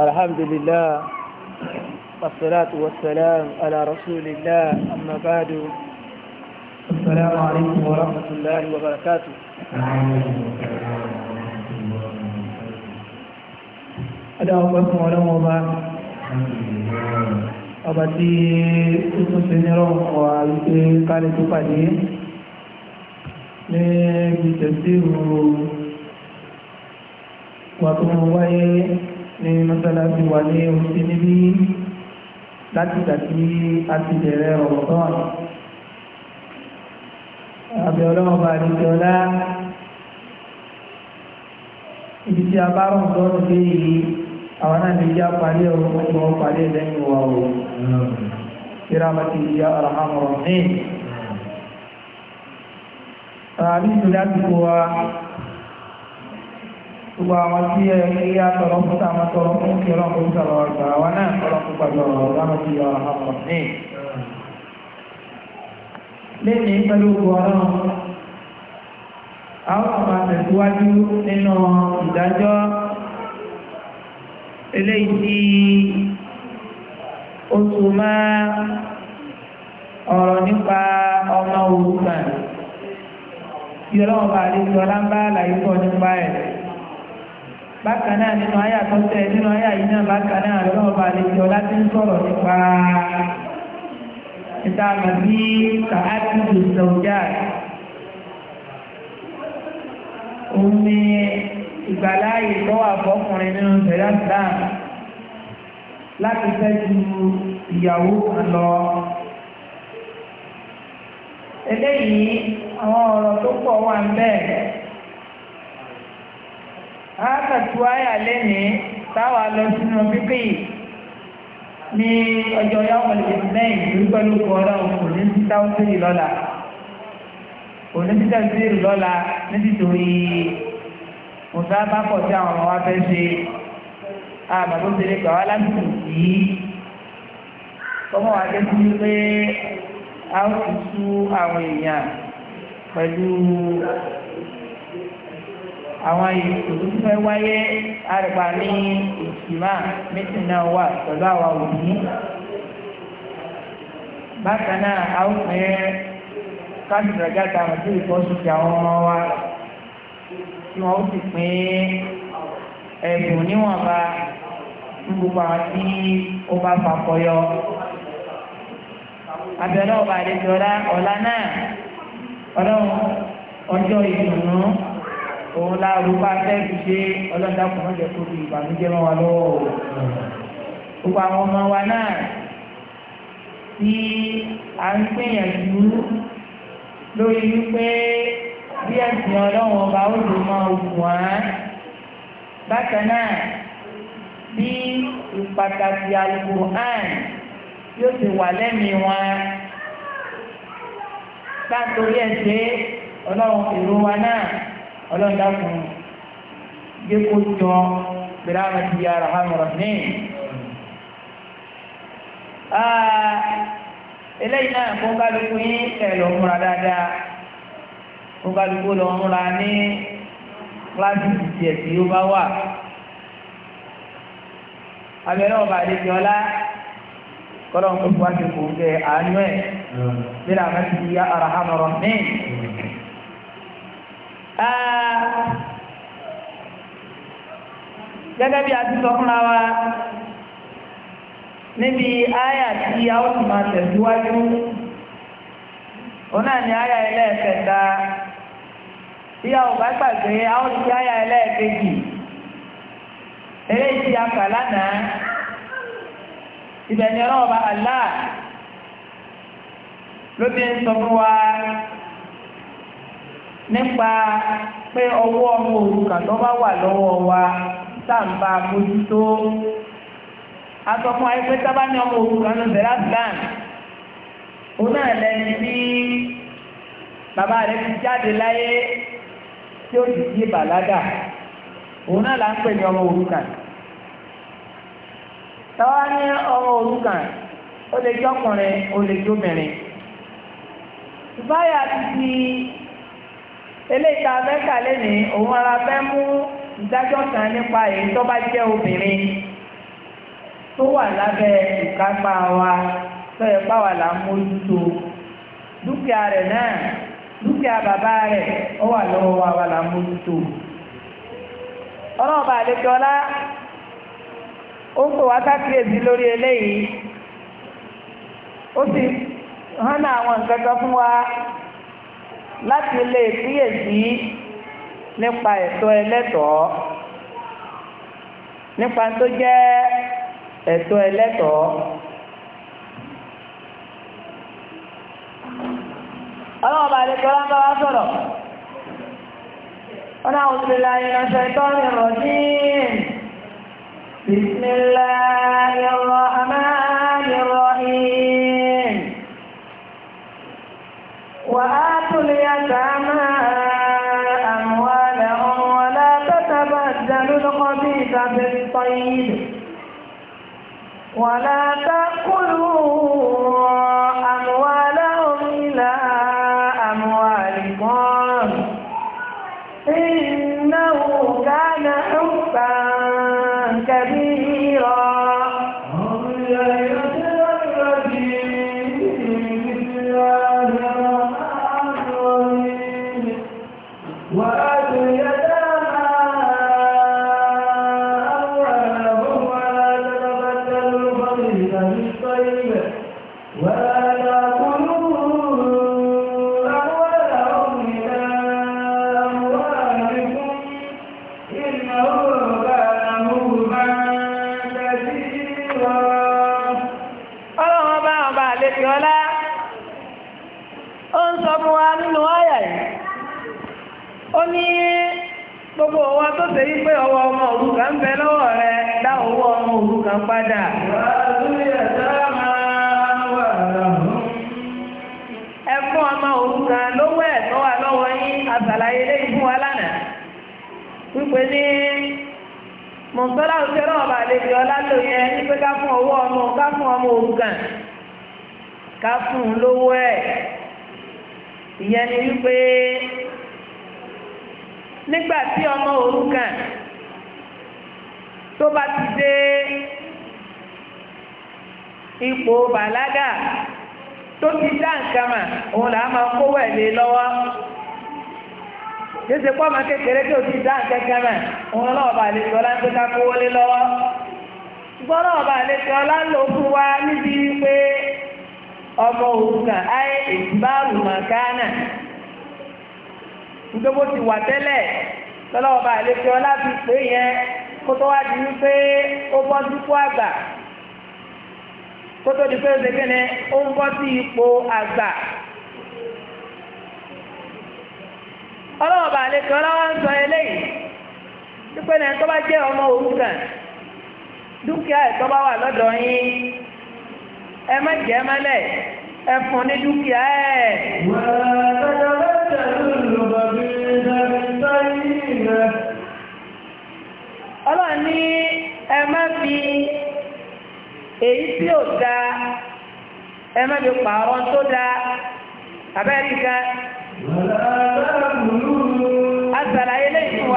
الحمد لله والصلاة والسلام على رسول الله أما بعد السلام عليكم ورحمة الله وبركاته adáwọn pẹ́kùn ọlọ́wọ́ ọba ọba tí ó tún ṣe ní ọ̀rọ̀ ọ̀wà wípé kálẹ̀ tó pàdé ní gbìtẹ̀ sí ìrù wà tó wáyé ní mọ́sálásí wà ní òsì níbí láti ìdàtí a ti bẹ̀rẹ̀ ọ̀rọ̀ tán àbẹ̀ ọlọ́run bá ní ti ọlá ibi tí a bá rọ̀ tọ́ ti dé yìí àwọn náà ní ìyá parí ọ̀rọ̀ ọ̀pọ̀ parí ẹ̀lẹ́yìn wa o ìràmàtì gbogbo àwọn tí ẹ yá tọrọ fún táwọn tọrọ fún kí ọlọ́run kò sọ̀rọ̀ ọ̀gbà wa náà tọrọ fún pàtó ọ̀rọ̀ láwọn ti yọ ọ̀rọ̀ ní. lẹ́yìn pẹ̀lú gbogbo ọlọ́run àwọn ọmọ àtẹ̀síwájú nínú ìdájọ́ eléyìí tí bá àdéhùn ọlá ń àlàyé pọ̀ nípa ẹ̀ bákan náà nínú àyà tó tẹ̀ nínú àyà yìí náà bákan náà lọ́wọ́ bá lè jọ láti ń sọ̀rọ̀ nípa ìta àmàbí kàákì ìṣòjà òun ni ìgbàláyè tó wà fọkùnrin nínú tẹ̀lá islam láti fẹ́ ju ìyàwó kan lọ eléyìí àwọn ọ̀rọ̀ tó pọ̀ wà ń bẹ́ẹ̀ àákàtú àyà lẹ́nìí táwà lọ sínú pípé ní ọjọ́ yàwọ̀lẹ̀ mẹ́yìn ìlú pẹ̀lú kọ́ọ̀rọ̀ òní títà òsèrè lọ́la òní títà òsèrè lọ́la nítorí mùsà bá pọ̀ sí àwọn ọmọ wa fẹ́ ṣe àmàló tẹ̀lé gbà wá lásìkò yìí kọ́mọ́ wa jẹ́ sí pé a ó ti tú àwọn èèyàn pẹ̀lú àwọn ìṣòro tí wọ́n wáyé ní ìṣìmá metin na wà pẹ̀lú àwọn òbí. bákanáà a ó fẹ́ káàdùn àwọn tí sí ti àwọn ọmọ wa tí wọ́n ó pín ẹ̀bùn níwọ̀nba gbogbo àwọn tí ó bá fakọyọ. àbẹ̀rẹ̀ ọba àdéjọ́lá ọ̀la náà ọlọ́run òun láàrú bá fẹ́ fi ṣe ọlọ́dà kò wọ́n jẹ kó fi ìbànújẹ́ mọ́ wa lọ́wọ́ o. gbogbo àwọn ọmọ wa náà tí a ń gbìyànjú lórí wípé bí ẹ̀sìn ọlọ́run ọba ó lò máa wù wá. bákan náà bí ìpàtàkì Al-Qur'an yóò ti wà lẹ́mìí wọn látòrí ẹ̀sẹ̀ ọlọ́run ìlú wa náà ọlọ́run dákun gbé kó jọ bẹ̀rẹ̀ àwọn ti yára ha mọ̀rọ̀ ní. eléyìí náà kó kálukú yín ẹ̀rọ múra dáadáa kó kálukú lọ múra ní kíláàsì tiẹ̀ tí ó bá wà. abẹ́rẹ́ ọba àdéjọ́ ọlá kọ́lọ́n kó tó wá kò ń gẹ àánú ẹ̀ bẹ̀rẹ̀ àwọn yára ha mọ̀rọ̀ ní. Ah, gẹ́gẹ́ bí a ti sọ fúnra wa níbi áyà tí a ó sì máa tẹ̀síwájú òun náà ni áyà ẹlẹ́ẹ̀kẹta tí a ò bá gbàgbé a ó sì áyà ẹlẹ́ẹ̀kejì eléyìí tí a kà lánàá ibẹ̀ ni ọlọ́ọ̀bá àlá ló ti ń sọ fún wa. nípa pé ọwọ́ ọmọ òrukàn tó bá wà lọ́wọ́ wa sáàmbá mójútó asọ́fún ayé sábà ní ọmọ òrukàn ló bẹ̀rẹ̀ àgbàn òun náà lẹ́yìn tí bàbá rẹ̀ ti jáde láyé tí ó sì yé bàládà òun náà là ń pè ní ọmọ tọ́wọ́ eléyìí ka a fẹ́ òun ara fẹ́ mú ìdájọ́ kan nípa èyí tó bá jẹ́ obìnrin tó wà lábẹ́ ìkápá wa tó yẹ páwà là ń mójútó dúkìá rẹ̀ náà dúkìá bàbá rẹ̀ ó wà lọ́wọ́ wa wà là ń mójútó ọlọ́ọ̀bà àlejọ́lá ó ń wá lórí eléyìí ó sì hánà àwọn nǹkan kan láti lè kíyèsí nípa ẹ̀tọ́ ẹlẹ́tọ̀ọ́ nípa tó jẹ́ ẹ̀tọ́ ẹlẹ́tọ̀ọ́ ọlọ́run bá lè tọ́lá bá wá sọ̀rọ̀ ọ̀nà òṣèlá ìrìnàṣẹ́ ìtọ́rin rọ̀dín bismillahirrahmanirrahim wàhálà اليتامى أموالهم ولا تتبدلوا الخبيث بالطيب ولا تأكلوا أموالهم إلى أموالكم إنه كان حبا كبيرا tẹ́lẹ̀ ọba àlejò ọlálò yẹn ní pé ká fún ọwọ́ ọmọ ká fún ọmọ òrukàn ká fún un lówó ẹ̀ ìyẹn ni wípé nígbà tí ọmọ òrukàn tó bá ti dé ipò bàlágà tó ti dá nǹkan mà òun là máa kówó ẹ̀ lé lọ́wọ́. yéèṣe pọ́ máa kékeré tí o ti dá kẹ́kẹ́ òun náà lè sọ láti ká kówó lé ṣùgbọ́n wa níbi pé ọmọ òrukàn ayé ìbáàrù màkánà gbogbo ti wà tẹ́lẹ̀ lọ́wọ́ lè sọ láti pé yẹn kó tó wá di ọlọ́ọ̀bà àlekè ọlọ́wọ́ ń sọ eléyìí wípé na tó bá jẹ́ ọmọ òrukàn dúkìá ẹ̀ bá wà lọ́dọ̀ yín ẹ má jẹ́ mọ́lẹ̀ ẹ fún ní dúkìá ẹ̀. ní ẹ má fi èyí tí ò da ẹ má fi pààrọ̀ tó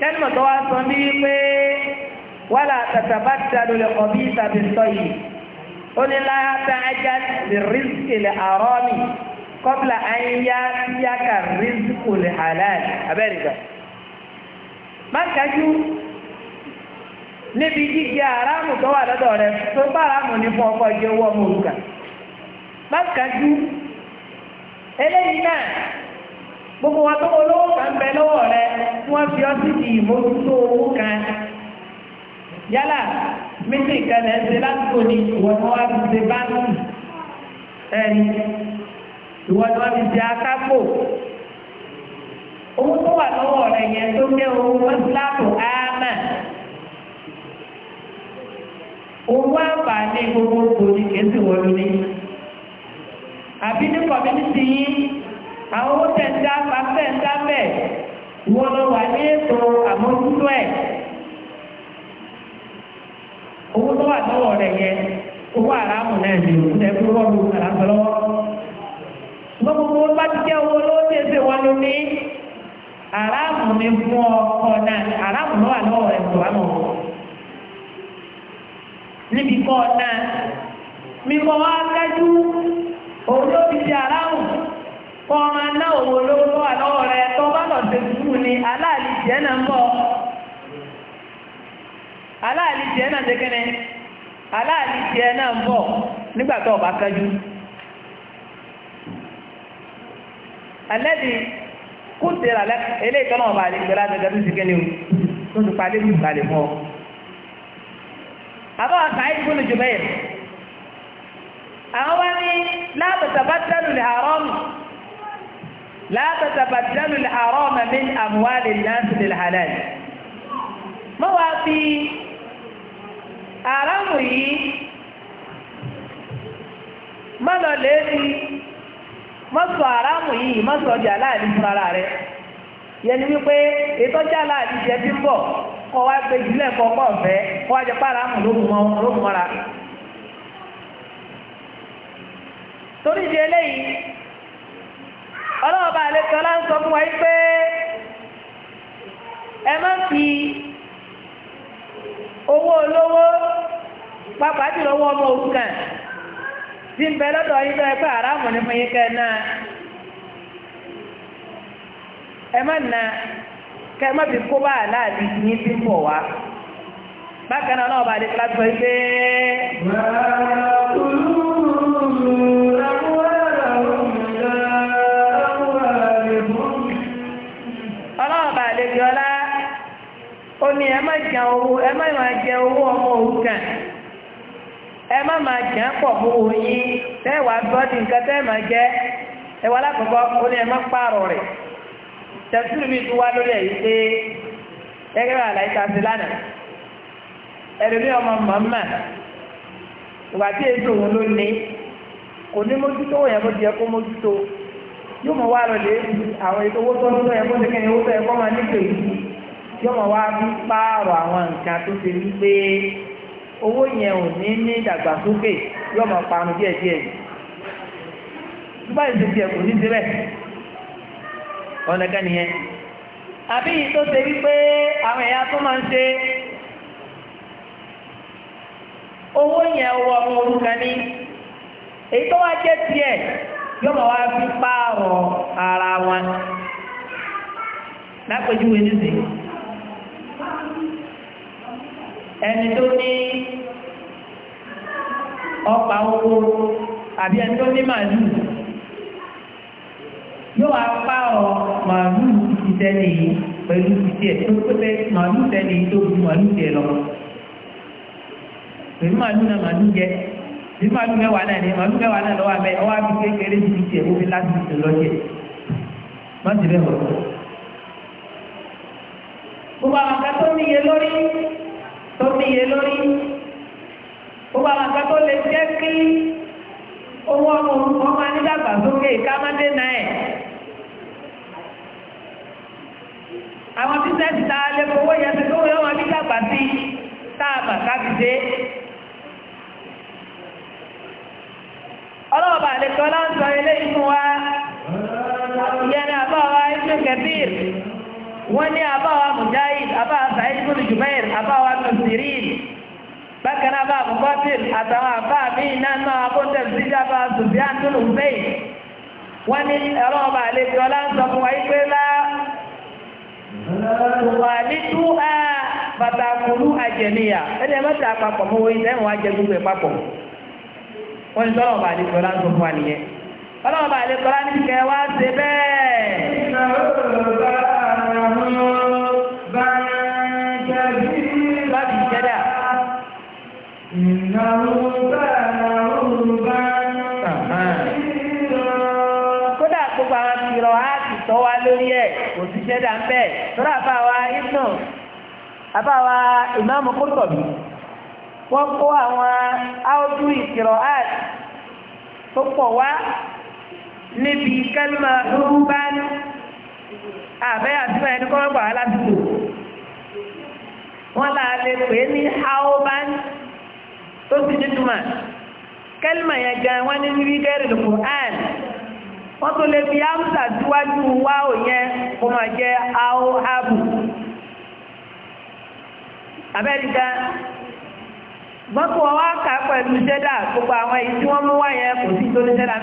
kẹ́lìmọ̀ tó wá sọ ní pé wàlà tàtàbà ti a lòlẹ̀ kọ̀ bí ìtàbí sọ yìí ó ní láyà tá ẹja lè rísìkì lè àárọ̀ mi kọ́bìlà àyíyá síyá ka rísìkì lè halal abẹ́rẹ́ gbà. má kájú níbi jíjẹ aráàmù tó wà lọ́dọ̀ rẹ tó bá aráàmù ní fún ọkọ̀ ìjẹ́wọ́ ọmọ òrukà má kájú eléyìí náà gbogbo wa tó olówó kan bẹ lọ́wọ́ rẹ tí wọ́n fi ọtí di ìmójútó owó kan yálà mítí ìkẹlẹ̀ ṣe lásìkò ní ìwọ̀n wá fi ṣe báńkì ẹni ìwọ̀n wá fi ṣe akápò owó tó wà lọ́wọ́ rẹ yẹn tó jẹ́ owó mọ́síláàpù áámà owó àǹfààní gbogbo òní kìí sì àbí ní kọ̀mí àwọn owó tẹ̀ǹdá pàṣẹǹdá bẹ̀ wọ́n lọ wà ní ètò àmójútó ẹ̀ owó tó wà lọ́wọ́ rẹ̀ yẹn owó àràmù náà ni òun náà fi rọ́ọ̀lù àràmù lọ́wọ́ ṣùgbọ́n gbogbo bá ti jẹ́ owó lọ́wọ́ tí èsè wọn ló ní àràmù ni fún ọkọ náà àràmù lọ́wọ́ rẹ̀ tó wà mọ́ níbi kọ́ náà mímọ́ wá dájú òun ló fi ṣe àràmù. fọ́ọ̀mà náà owó lówó tó rẹ tó bá lọ ni aláàlì jẹ́ náà ń bọ̀ aláàlì jẹ́ náà dékẹ́ni aláàlì jẹ́ náà ń bọ̀ nígbà bá alẹ́bí kú ọba àlejò láti ẹgbẹ́ tó ti tó ti palẹ́ bí ìbàlẹ̀ mọ́ àwọn wá ní látàtàbàdánù àrọ́ọ̀mà min àmúwálì láti lè halal mọ́ wá fi àrámù yìí mọ́lọ lẹ́ẹ̀fi mọ́sọ̀ àrámù ọjà láàrin fúnra rẹ̀ yẹni wípé ìtọ́jà láàrin jẹ́ bí ń bọ̀ kọ́ wá gbé ìdílé kọ́kọ́ ọ̀fẹ́ kọ́ wá jẹ torí ìdí eléyìí ọlọ́ọ̀bá àlekọ́lá ń sọ fún wa pé ẹ má fi owó olówó pàápàá jùlọ owó ọmọ òrukàn tí ń bẹ lọ́dọ̀ yín ẹgbẹ́ ní fún yín kẹ́ náà ẹ na kẹ́ ẹ má fi kó bá àláàbí yín fi ń bọ̀ wá bákan náà ọlọ́ọ̀bá pé. jẹ owó ẹ má máa jẹ owó ọmọ òrukàn ẹ má máa jẹ pọ̀ mọ́ oyin tẹ́wàá bọ́dì nǹkan tẹ́ máa jẹ ẹwà alákọ̀ọ́kọ́ ó ní ẹ pààrọ̀ rẹ̀ tẹ̀sùn mi tún wá lórí ẹ̀yí pé ta ọmọ ìwà tí èso òun ló ní kò ní mójútó yẹn kó mójútó yóò mọ̀ wá lọ àwọn ètò owó tó ń tó yọmọ wá bí pààrọ̀ àwọn nǹkan tó ṣe wípé owó yẹn ò ní ní ìdàgbàsókè yọmọ parun díẹ̀ díẹ̀ báyìí ní síbẹ̀ ọ̀nà nìyẹn àbí yìí tó ṣe wípé àwọn ẹ̀yà tó máa ń ṣe owó yẹn wọ ọmọ orúkọ ní èyí tó wá jẹ́ tiẹ̀ wá bí pààrọ̀ ara wọn ẹni tó ní ọ̀pá owó àbí ẹni tó ní màálù yóò wá pa ọ màálù ìtẹ́lẹ̀ yìí pẹ̀lú ìtẹ́ tó pẹ́ màálù ìtẹ́lẹ̀ yìí tó bu màálù ìtẹ́ lọ pẹ̀lú màálù náà màálù jẹ bí màálù mẹ́wàá náà ní màálù mẹ́wàá náà lọ́wọ́ abẹ́ ọwọ́ àbí kékeré ju ìtẹ́ omi láti ìtẹ́ lọ́jẹ́ má ti bẹ́ẹ̀ bọ̀. gbogbo àwọn akẹ́kọ̀ọ́ níye lórí tó níye lórí gbogbo àwọn àgbà tó lè jẹ́ kí owó ọmọ ọmọ anídàgbàsókè ká má dé náà ẹ̀ àwọn bísẹ́ẹ̀sì tá a lè fowó yẹn ti fowó yẹn wọn bí dàgbà sí táàmà kábídé ọlọ́ọ̀bà àlekọ́ láǹsọ ilé ìfún wa ìyẹn ni àbá wa ìfún wọ́n ní abáwa mujahid abáwa sa'id ibn jubair abáwa nasirin bákan náà abáwa mukotil àtàwọn abáwa míì náà náà abóńtẹ̀ sídìí abáwa sùfíàn tó lù wọ́n ní ẹ̀rọ ọba àlejò fún wa yí pé wà ní tú á pàtàkùrú àjẹmíyà ẹni ẹ mẹ́ta àpapọ̀ mọ́ wọ́n ìtẹ́ ìwọ̀n ajẹ gbogbo wọ́n ní ọba àlejò fún wa àbáwa ìmáàmù Qurtubi wọ́n kó àwọn áótú ìkìrọ̀ áàtì tó pọ̀ wá níbi kálímà rúbán àbẹ́ àtúmọ̀ ẹni kọ́ gbà wá lásìkò wọ́n là lè pè é ní tó sì ní túmọ̀ kálímà yẹn gan wọ́n ní níbi kẹ́rìndínlẹ̀ Qur'an wọ́n tó lè fi áwùsà síwájú máa abẹ́ríkà mọ́kù wọn wá kà jẹ́dà àwọn èyí tí mú wá yẹn ní jẹ́dà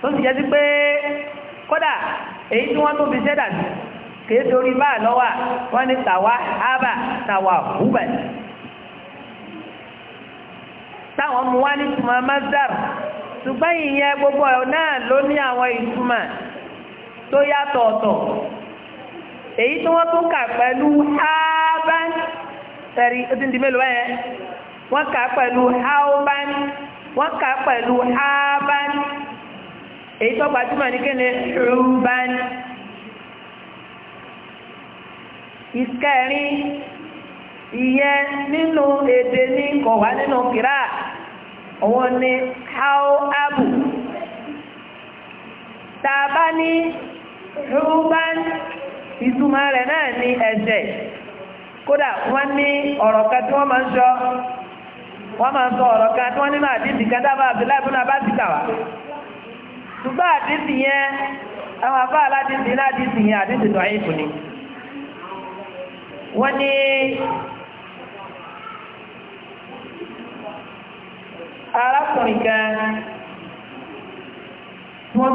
tó sì jẹ́ pé kódà èyí tí tó fi jẹ́dà sí torí lọ́wà wọ́n ní tàwa ní tùmọ̀ mazdar ṣùgbọ́n èyí tí wọ́n tún kà pẹ̀lú haban tẹ̀rí ó ti di mélòó ẹ̀ wọ́n kà pẹ̀lú haban wọ́n kà pẹ̀lú haban èyí tó gbajúmọ̀ ní kí ni ruban ìkẹrin ìyẹn nínú èdè ní kọ̀wá nínú kìrá òun ni hao abu tàbá ní ruban ìtumọ̀ rẹ̀ náà ní ẹ̀jẹ̀ kódà wọ́n ní ọ̀rọ̀ kan tí wọ́n máa ń sọ wọ́n máa ń sọ ọ̀rọ̀ kan tí wọ́n nínú àdìsí kan dábàá Abdullahi ibn Abbas ti ṣùgbọ́n yẹn àwọn afá aládìsí náà àdìsí yẹn tó ayé ni wọ́n ní arákùnrin kan wọ́n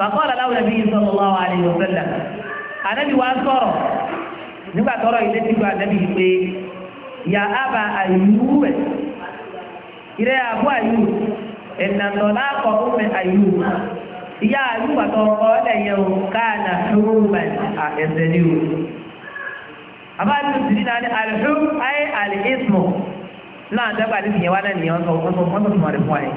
fàkọ́ọ̀lá láwọn ẹbí yìí sọ́nà wà wà nínú sẹ́lẹ̀ ànábì wa sọ̀rọ̀ nígbà tọrọ ilé tí gba ànábì yìí pé yà á bá àyùú ẹ̀ ìrẹ́ àbú àyùú ẹ̀nàtọ̀ láàkọ̀ ọ̀mẹ àyùú ìyá àyùú àtọ̀ ọkọ̀ ẹ̀yẹ o káàdà ṣòwòmẹ̀ ẹ̀sẹ̀ ni o àbájú sì ní náà ní àlùfẹ́ ayé àlè ìsmọ̀ náà dábàá ní náà nìyẹn wọ́n sọ wọ́n sọ fún wa rẹ̀ fún wa yẹn.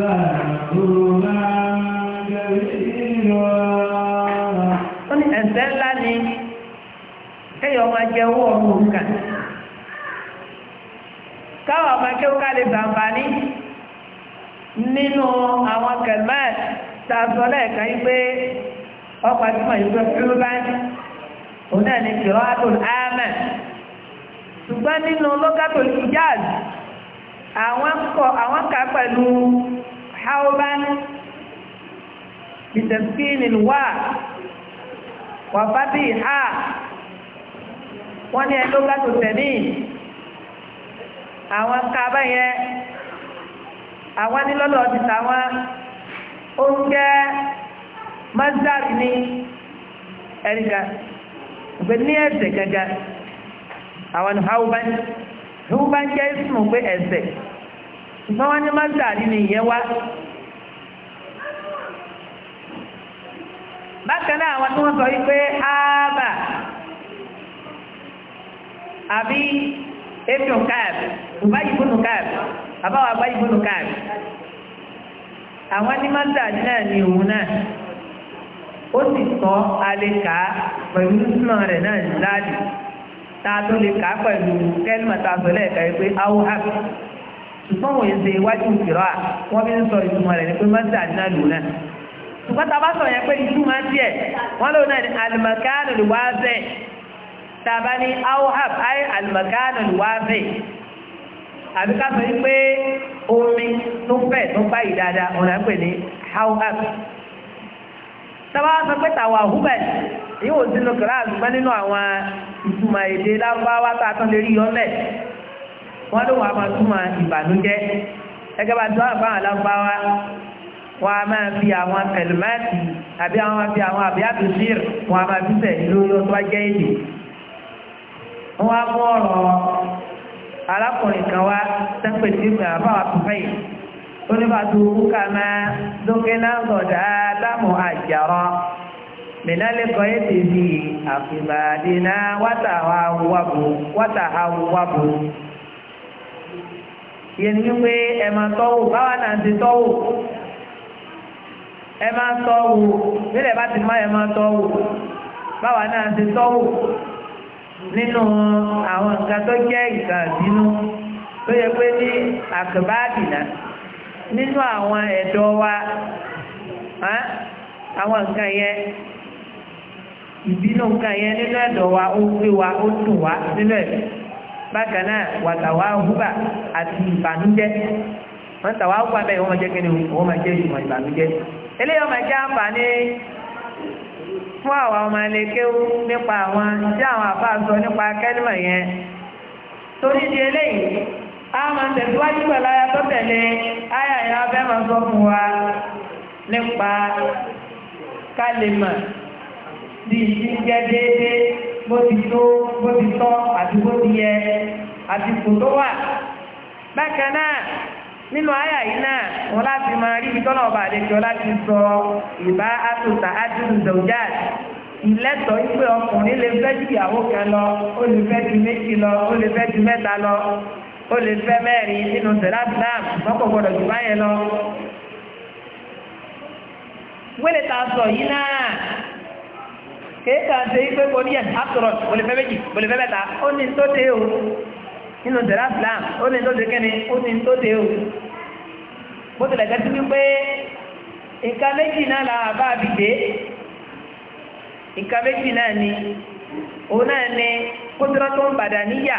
ó ní ẹ̀ṣẹ̀ ńlá ni kéèyàn máa jẹ owó ọmọ òǹkà káwọn ọmọ akéwò ká lè nínú àwọn kẹlmẹ́t tá lẹ́ẹ̀kan yí pé ọkọ̀ àti mọ̀ yìí pé fúlú báyìí òun náà nínú àwọn ka pẹ̀lú hauban bitaskinin wà wà ha wọ́n ní ẹló gàtò tẹ̀mí àwọn kà báyẹ àwọn nílọ́lọ́ ti tàwọn oúnjẹ mazari ní ẹ̀ríkà ìgbẹ́ ní ẹ̀sẹ̀ hauban ló bá jẹ́ ìsìnmù pé ẹ̀sẹ̀ ṣùgbọ́n wọ́n ní mọ́tàrí ni ìyẹn wá bákan náà àwọn tí wọ́n sọ wípé áábà àbí efion káàbì ìbáyìbónú káàbì àbáwọ̀ àbáyìbónú káàbì àwọn ní mọ́tàrí náà ni òun náà ó sì sọ alẹ́ kàá pẹ̀lú rẹ̀ náà láàdì ta tó lè kà á pẹ̀lú kẹ́lìmọ̀ ta sọ lẹ́ẹ̀ka pé awúhá ṣùgbọ́n wọ́n ṣe iwájú ìkìrọ́ à wọ́n fi ń sọ ìtumọ̀ rẹ̀ ní pé mọ́tì àdínà lò náà ṣùgbọ́n ta bá sọ yẹn pé ìtumọ̀ tiẹ̀ wọ́n lò náà ní alìmọ̀kánù lè wáṣẹ̀ ta bá ní awúhá ayé alìmọ̀kánù lè wáṣẹ̀ àbí ká sọ yìí pé omi tó fẹ̀ tó báyìí dáadáa ọ̀nà pè ní awúhá sábà sọ pé tàwa húbẹ̀ yóò sínú kíláàsì mọ́ nínú àwọn ìtumọ̀ èdè lárúbáwá tá a tán lè rí yọ́lẹ̀ wọ́n ló wà máa túmọ̀ ìbànújẹ́ gẹ́gẹ́ bá tún àbáwọn lárúbáwá wọ́n a máa fi àwọn kẹlìmẹ́ẹ̀tì àbí àwọn máa fi àwọn àbí àbíṣír wọ́n a máa fi tẹ̀ lórí ọtọ́ jẹ́ èdè wọ́n á mú ọ̀rọ̀ arákùnrin kan wá sẹ́pẹ̀tì ìgbà àbáwọn àtúfẹ́yìn onífàtúwú kàmá dókínà sọ̀dá lámù àjàrọ̀ mìnálẹ́kọ̀ọ́ ètè bí àfìmàdínà wátàháwábò yẹn ní pé ẹ máa tọ́wò báwa náà ti tọ́wò ẹ máa nílẹ̀ bá ti má ẹ máa báwa náà ti tọ́wò nínú àwọn nǹkan tó jẹ́ ìkàdínú tó yẹ pé ní àkàbádìnà. nínú àwọn ẹ̀dọ̀ wa àwọn nǹkan yẹn ìbínú nǹkan yẹn nínú ẹ̀dọ̀ wa ó gbé wa ó dùn wa nínú bákan náà húbà àti ìbànújẹ́ wọ́n tàwá húbà bẹ́ẹ̀ wọ́n máa jẹ́ kíni wọ́n máa jẹ́ ìmọ̀ ìbànújẹ́ eléyìí jẹ́ àǹfààní fún a máa tẹ̀síwájú pẹ̀lú aya tó tẹ̀lé aya yẹn abẹ́ máa sọ fún wa nípa kálímà bí ìjẹ́ déédéé bó ti tó bó ti tọ́ àti bó ti yẹ àti kò tó wà bákan náà nínú àyà yìí náà wọn láti máa rí ìtọ́nà ọba àdéjọ láti sọ ìbá àtúntà ájúlù zọjá ìlẹ́tọ̀ ìpè ọkùnrin lè fẹ́ ju ìyàwó kan lọ ó lè fẹ́ ju méjì lọ ó lè fẹ́ ju mẹ́ta lọ ó lè fẹ́ mẹ́rin nínú sẹ̀láàtìláàmù mọ́kò gbọ́dọ̀ jù báyẹn lọ. wílé ta sọ yìí náà kéèkà ṣe pé kò ní àtúrọ̀ kò lè fẹ́ méjì kò lè fẹ́ mẹ́ta ó ní tó dé o nínú sẹ̀láàtìláàmù ó ní tó dé kẹ́ni ó ní tó dé o. bó tilẹ̀ gẹ́sí wípé nǹkan méjì náà la bá a bì dé nǹkan méjì náà ni òun náà ni kótó tó ń bàdà níyà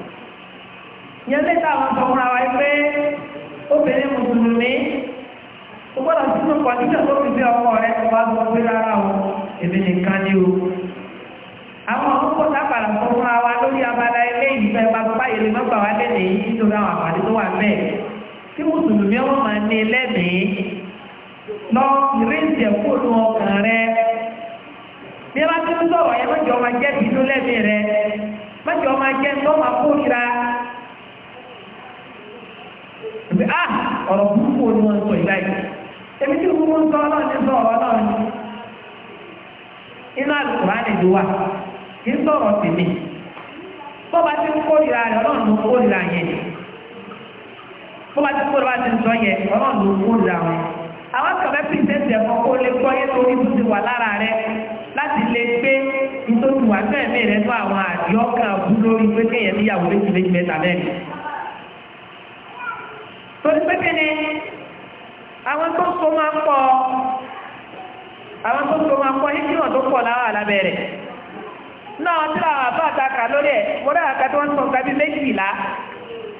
yẹn lé táwọn sọ wa pé obìnrin mùsùlùmí ó gbọ́dọ̀ sínú kọ̀díṣà tó fi ọkọ rẹ̀ wá sọ pé rárá o èmi o àwọn wa lórí abala nítorí àwọn àpàdé tó wà tí mùsùlùmí wọn máa ní lọ ìrìnsì ọkàn rẹ bí ti ń yẹn máa pé á ah, ọ̀rọ̀ púpọ̀ n'ụlọ wọ́n sọ ìbáyìí èmi tí gbogbo ń sọ ọlọ́run sọ ọ̀rọ̀ ọlọ́run àlùkùrá lè ló wà kí n sọ̀rọ̀ sí mi ń kórìíra rẹ̀ ló kórìíra yẹn kórìíra ti ń sọ yẹn ló kórìíra wọn àwọn kó lè ti wà lára láti lè gbé nítorí torí pé kíni àwọn tó so máa pọ̀ àwọn tó so máa pọ̀ ní kí wọ́n tó pọ̀ láwọn alábẹ̀rẹ̀ náà tí àwọn àbá àtàkà lórí ẹ̀ mọ́dá àkà tí wọ́n sọ gbábí méjìlá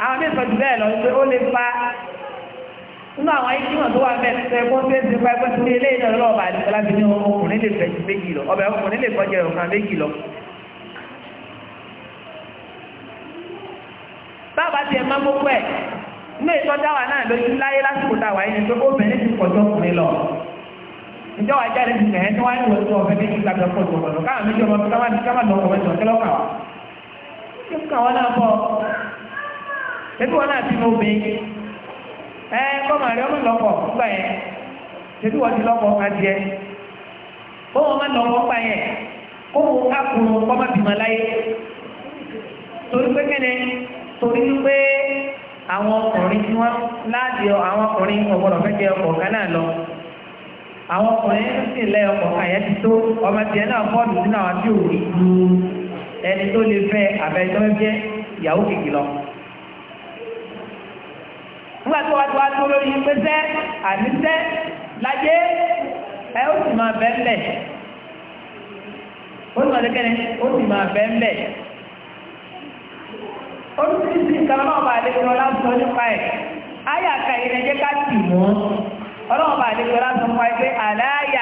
àwọn mẹ́sàn jù bẹ́ẹ̀ lọ pé ó lè fa nínú àwọn ikú wọn tó wà mẹ́sẹ̀ fún tí ó ti pa ẹgbẹ́ sí ilé ìnáwó lọ́ọ̀bà àti láti ní ọkùnrin lè fẹ́ ju méjì lọ ọbẹ̀ ọkùnrin lè kọjá ọ̀kan méjì lọ bàbá tiẹ̀ máa gbogbo ẹ̀ ilé ìtọ́ dáwà náà lójú láyé lásìkò dáwà yìí pé obìnrin ti pọ̀jọ́ ọkùnrin lọ ìjọ wa jáde ti tẹ̀yẹ́ tí wọ́n á ní wọ́n tó ọ̀fẹ́ méjì gbàgbọ́ pọ̀jọ́ ọ̀pọ̀lọ́ káwọn méjì ọmọ tó káwọn lọ ọmọ ìjọ kẹlọ́kà wa kí n kà wọ́n náà bọ̀ ṣébí wọ́n náà ti ní obìnrin ẹ kọ́mọ rẹ ọmọ lọ́kọ̀ gbà yẹn ṣébí wọ́n ti lọ́kọ̀ ọ̀ka jẹ kó wọn má lọ́kọ̀ gbà yẹn kó wọn ká kùn kọ́mọ bìmọ̀ láyé torí pé kẹ́ni torí pé àwọn ọkùnrin tí wọ́n láti àwọn ọkùnrin ọ̀gbọ́dọ̀ fẹ́ jẹ ọkọ̀ kan náà lọ àwọn ọkùnrin sì lẹ ọkọ̀ kan yẹn ti tó ọmọ tiẹ̀ náà bọ́ọ̀lù sínú àwọn tí ò rí ju ẹni tó lè fẹ́ àbẹ̀tọ́ jẹ́ ìyàwó kìkì lọ. nígbà tó wá tó wá tó lórí pẹ́sẹ́ àníṣẹ́ láyé ẹ ó sì máa bẹ́ẹ̀ bẹ́ẹ̀ ó sì máa oríṣiríṣi nǹkan ọlọ́run bá àlejò ọlá ń sọ nípa ẹ̀ áyà ka ìrìn ẹjẹ́ ká tì mọ́ ọlọ́run bá àlejò ọlá sọ fún wa pé àlàyà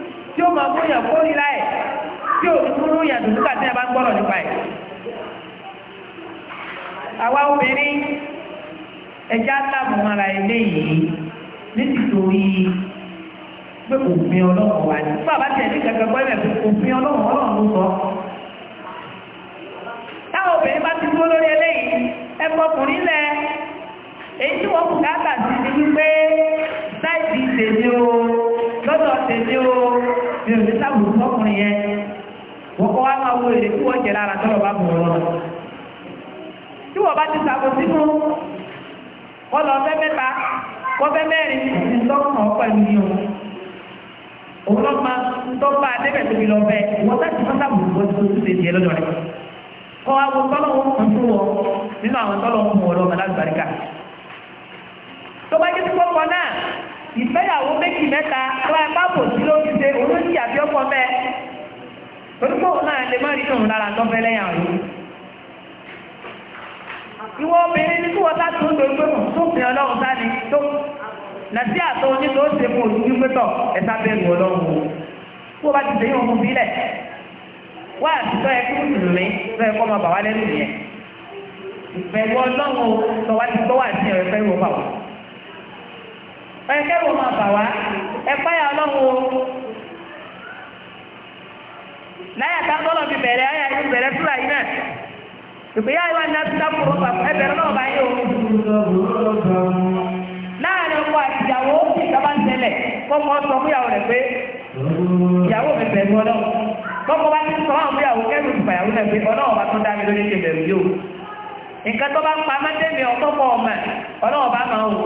tí ó máa mú yàn kórìíra ẹ̀ tí ò ní múrú yàn bá ń gbọ́rọ̀ nípa ẹ̀. àwa obìnrin ẹja mara eléyìí nítorí pé òfin ọlọ́run wà ní. kankan gbọ́ ẹ̀mẹ̀ fún òfin ọlọ́run ọlọ́run ló sọ. táwọn obìnrin bá ti dúró lórí eléyìí lẹ̀ èyí tí wọ́n kù mi ò ní sábùrù fọkùnrin yẹn wọ́n kọ́ wá máa wo èrè tí wọ́n jẹ lára tọ́lọ̀ bá bù ọ́ lọ́nà tí wọ́n bá ti sàbò sínú wọ́n lọ fẹ́ mẹ́ta wọ́n fẹ́ mẹ́rin ní tọ́kùnà pẹ̀lú yìí o òun lọ máa ń tọ́ bá adébẹ̀ tóbi lọ bẹ́ẹ̀ wọ́n sáàtì wọ́n sábùrù wọ́n ti tó tún lè tiẹ̀ lọ́dọ̀ rẹ̀ kọ́ wa wo tọ́lọ̀ wọn kàn fún wọn nínú àwọn tọ́lọ̀ wọn mú ọ lọ́mọ lágbàríkà tó bá jẹ́ ìfẹ́yàwó méjì mẹ́ta tó ẹ bá bò sí lórí ṣe olóyìn àbí ọkọ mẹ́ orúkọ náà lè má rí tòun lára lọ́fẹ́ lẹ́yìn àrùn ìwọ obìnrin ní kí wọ́n bá tó ń lo gbé wọn tó fi ọlọ́run sáni tó nàti àtọ onítọ̀ ṣe fún òṣù wípé tọ̀ ẹ̀ta bẹ̀rù ọlọ́run o kí wọ́n bá ti sẹ́yìn ọmọ bílẹ̀ wá àtúntọ́ ẹ kí mùsùlùmí tó ẹ kọ́ ọmọ bàwá lẹ́nu nìyẹn ìfẹ́ wọ́n lọ́run o sọ wá ti tọ́wọ́ àti ẹ̀rẹ́fẹ́ wọ́n bàwá ọ̀yẹ̀kẹ́ wo máa bà wá ẹ̀páyà ọlọ́run o láyà tá tọ́lọ̀ fi bẹ̀rẹ̀ ayà yìí bẹ̀rẹ̀ fúlà yìí náà ìgbéyà ìwà ní ẹtúta kúrò pàpọ̀ ẹbẹ̀rẹ̀ náà bá yóò láàrin ọkọ àti ìyàwó tí ìjọba ń tẹ́lẹ̀ kọ́kọ́ sọ fún ìyàwó rẹ̀ pé ìyàwó mi bẹ̀rù ọlọ́run kọ́kọ́ bá ti sọ àwọn ìyàwó kẹ́rù ìfàyàwó náà pé ọlọ́run bá tún dá mi lórí ìṣẹ̀lẹ̀ yìí o nǹkan tó bá ń pa mẹ́tẹ́mi ọ̀tọ́kọ̀ ọmọ ọlọ́run bá máa ń wò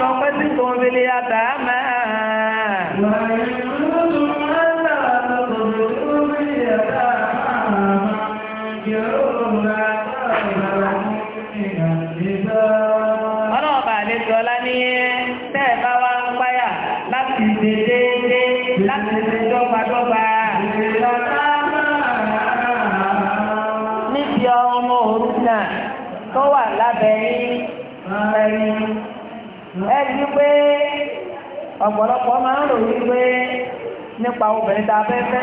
فقد ظلمت أماما nípa obìnrin ta a fẹ́ fẹ́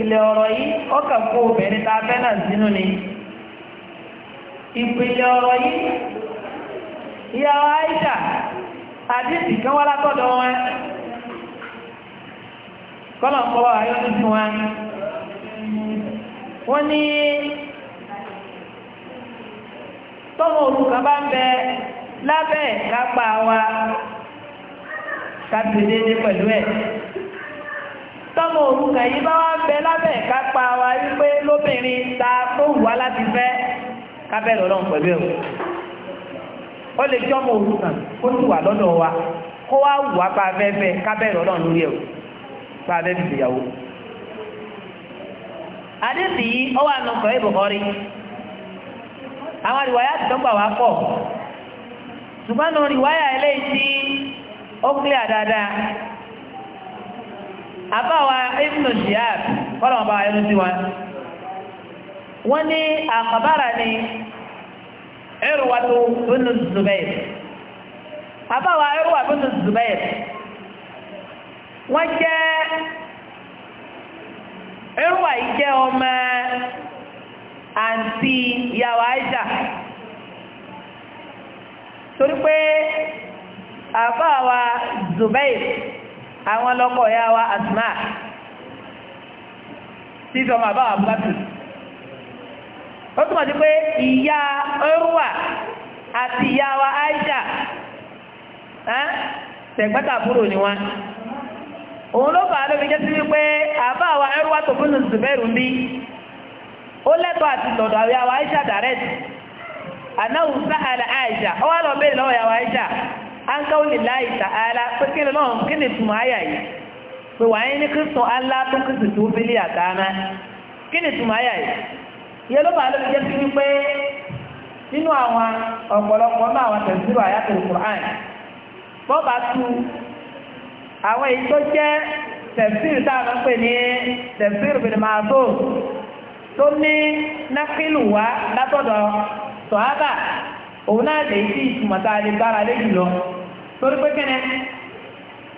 ilẹ̀ ọ̀rọ̀ yìí ó kàn obìnrin ta a náà sínú ni ọ̀rọ̀ yìí ya Aisha àdíṣì kan wá látọ̀dọ̀ wọn kọ́nà kọ́wọ́ ayọ́nú wọn wọ́n ní tọ́mọ olùkọ́ bá ń bẹ lábẹ́ kápá wa ọmọ òrukàn yìí bá wá bẹ lábẹ́ pa wa wípé lóbìnrin ta tó wù láti fẹ́ kábẹ́ lọ́lọ́run pẹ̀lú ẹ̀ ó lè jọ́ ọmọ kan kó wà lọ́dọ̀ wa kó wá wù pa afẹ́fẹ́ kábẹ́ lọ́lọ́run lórí ẹ̀ pa afẹ́fẹ́ àdéhùn yìí ó wà àwọn ti dọ́gba pọ̀ ṣùgbọ́n tí ó àbáwa ibùnú jihad fọ́lọ̀wọ̀n ẹnu sí wọn wọ́n ní àkọ̀bára ni ẹrùwàtò bínú zubair àbáwa ẹrùwà bínú zubair wọ́n jẹ́ ẹrùwà yìí ọmọ àǹtí yàwó àìjà torí pé àwọn lọ́kọ̀ ya wa Asma títọ́ máa bá wà bùkátù ó túnmọ̀ sí pé ìyá Urwa àti ìyá wa Aisha tẹ̀gbẹ́ta búrò ni wọn òun ló fà á lóbi jẹ́ sí wípé àbá wa Urwa tó fún Zubairu bí ó lẹ́tọ̀ àti lọ́dọ̀ àwọn Aisha direct anáwó sáà Aisha ó wá lọ bẹ́ẹ̀ lọ́wọ́ àwọn Aisha ankauli láì tààlà pé kí lọ́wọ́n kí ni túnmọ̀ àyà yìí pé wà ní ala alátún kìsì tó fílì a kí ni túnmọ̀ àyà yìí iye ló bá lóbi jẹ́ sí wípé nínú àwọn Qur'an tu òun náà lè sí ìtumọ̀ tá a lè gbára lé jùlọ torí pé kẹ́nẹ́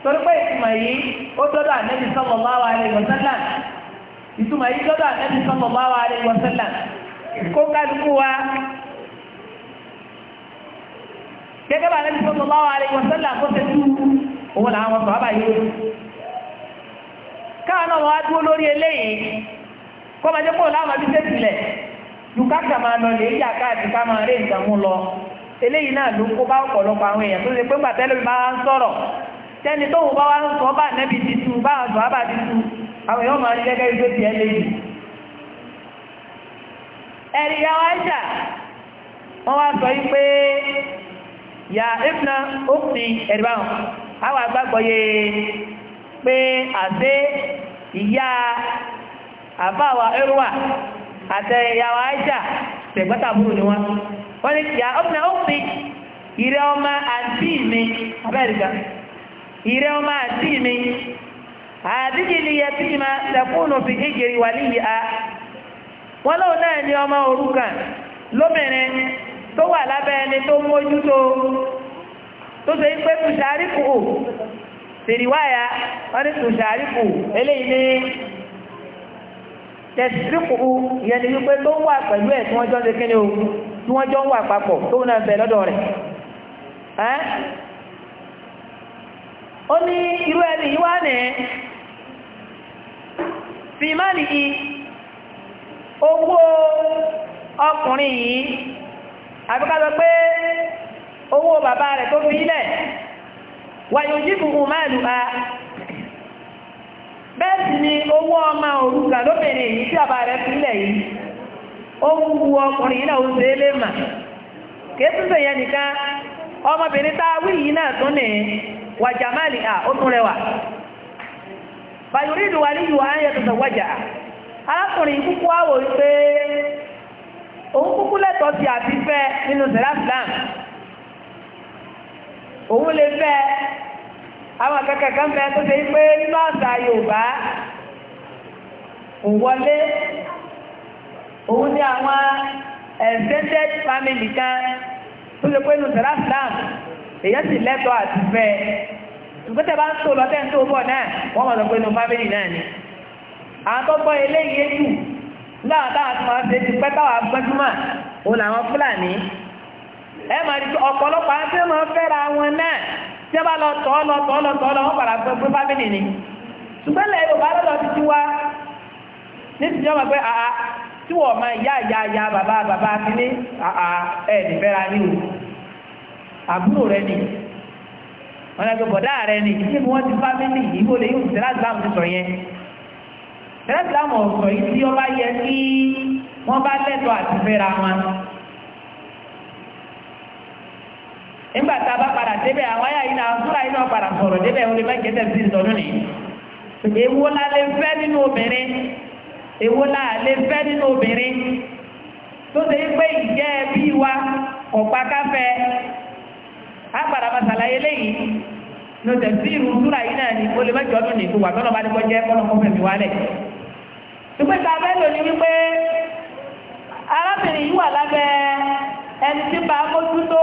torí pé ìtumọ̀ yìí ó tọ́dọ̀ ànẹ́bí sallallahu alaihi wasallam ìtumọ̀ yìí tọ́dọ̀ ànẹ́bí sallallahu alaihi wasallam kó kálukú wa gẹ́gẹ́ bá ànẹ́bí sallallahu alaihi wasallam kó tẹ́tú òun làwọn sọ̀rọ̀ báyìí káwọn náà wọ́n dúró lórí eléyìí kó máa jẹ́ kó láwọn àbí tẹ́tìlẹ̀ dùkátà máa lọ lè yà káàdì ká máa rí nǹkan mú lọ eléyìí náà ló kó bá ọ̀pọ̀lọpọ̀ àwọn èèyàn tó ṣe pé gbàtẹ́lẹ̀ bá ń sọ̀rọ̀ tẹ́ni tóun bá wá ń sọ bá nẹ́bi títú bá àjọ àbá títú àwọn èèyàn máa ń gẹ́gẹ́ igbó tiẹ̀ léyìí ẹ̀rí ya wá ṣà wọ́n wá sọ yìí pé yà ébùnà ó fi ẹ̀rí báwọn àwọn àgbàgbọ́ yẹ pé àṣé ìyá àbáwa ẹrú wà àtẹ̀yàwó àìsà tẹ̀gbọ́tàbúrò ni wọ́n wọ́n ni yà ọ́pìnà òfin ìrẹ́ ọmọ àti mi abẹ́rìgá ìrẹ́ ọmọ àti mi àdíjìlì yẹtí ma tẹ̀kúnnù fi ìjìrì wà níyì a wọ́n lóun náà ní ọmọ òrukàn lóbìnrin tó wà lábẹ́ ẹni tó mójútó tó ṣe pé wọ́n eléyìí ní tẹ̀síríkù yẹni wípé tó wà pẹ̀lú ẹ̀ tí wọ́n jọ ń ṣe kíni o tí wọ́n jọ ń wà papọ̀ tó náà bẹ̀ lọ́dọ̀ rẹ̀ ẹ́ ó irú ẹni yíwá ní fi má owó ọkùnrin yìí àbíkájọ pé owó bàbá rẹ̀ tó fi ilẹ̀ máàlù bẹ́ẹ̀ ni owó ọmọ òrùka lóbìnrin yìí tí àbá rẹ̀ sílẹ̀ yìí ó ń wu ọkùnrin náà ó ṣe é lè mà kéésùsè yẹn nìkan ọmọbìnrin a yìí náà tún ní wàjà máàlì à ó tún rẹwà fàyòrí ìdùwà níyù ayé tuntun wàjà arákùnrin kúkú àwò pé òun kúkú lẹ́tọ̀ọ́ àwọn akẹ́kẹ̀ẹ́ kan tó ṣe pé nínú àṣà Yorùbá òwọlé òun ní àwọn extended family kan tó lè pé nù sẹ́lá Islam èyàn sì lẹ́tọ̀ọ́ àti bẹ́ẹ̀ ìgbésẹ̀ bá ń tó lọ tẹ́ǹtó bọ̀ náà wọ́n mọ̀ pé nù family náà ni àwọn tó gbọ́ eléyìí láwọn táwọn tó máa ṣe ti pẹ́ táwọn agbẹ́júmọ̀ òun làwọn Fúlàní máa ọ̀pọ̀lọpọ̀ àti tí wọ́n bá lọ tọ́ lọ tọ́ lọ tọ́ lọ wọ́n padà fẹ́ fún fámìlì ni ṣùgbọ́n ilẹ̀ yorùbá lọ́dọ̀ ti ti wá nítorí ọmọ pé àá tí wọ́n máa yá ìyá ìyá bàbá bàbá ti ní àá ẹ̀ nìfẹ́ra ní o àbúrò rẹ ni wọ́n lẹ́gbẹ̀ẹ́ bọ̀dá rẹ ni ìdíje ni wọ́n ti fámìlì ìbò lè yóò tẹ́lá ìsìlámù ti sọ yẹn tẹ́lá ìsìlámù ọ̀sọ̀ yìí tí ọba yẹ kí wọ́n bá lẹ́tọ̀ọ́ àti fẹ́ra wọn nígbà tá a bá padà débẹ̀ àwọn ayá yìí náà súra yìí náà padà sọ̀rọ̀ débẹ̀ olè má gẹ́tẹ̀ sí ìsọ̀nù ni èwo la lè fẹ́ nínú obìnrin èwo la lè fẹ́ nínú obìnrin tó ṣe é pé ìjẹ́ ẹbí wa ọ̀pá káfẹ́ á padà máa ṣàlàyé léyìí ní o tẹ̀sí ìrù súra yìí náà ni olè má jọ ọdún nìkú wà tọ́nà bá ní kọ́ jẹ́ kọ́nà kọ́fẹ́ mi wálẹ̀ ṣùgbọ́n ta fẹ́ lò ní ẹni tí bá mójútó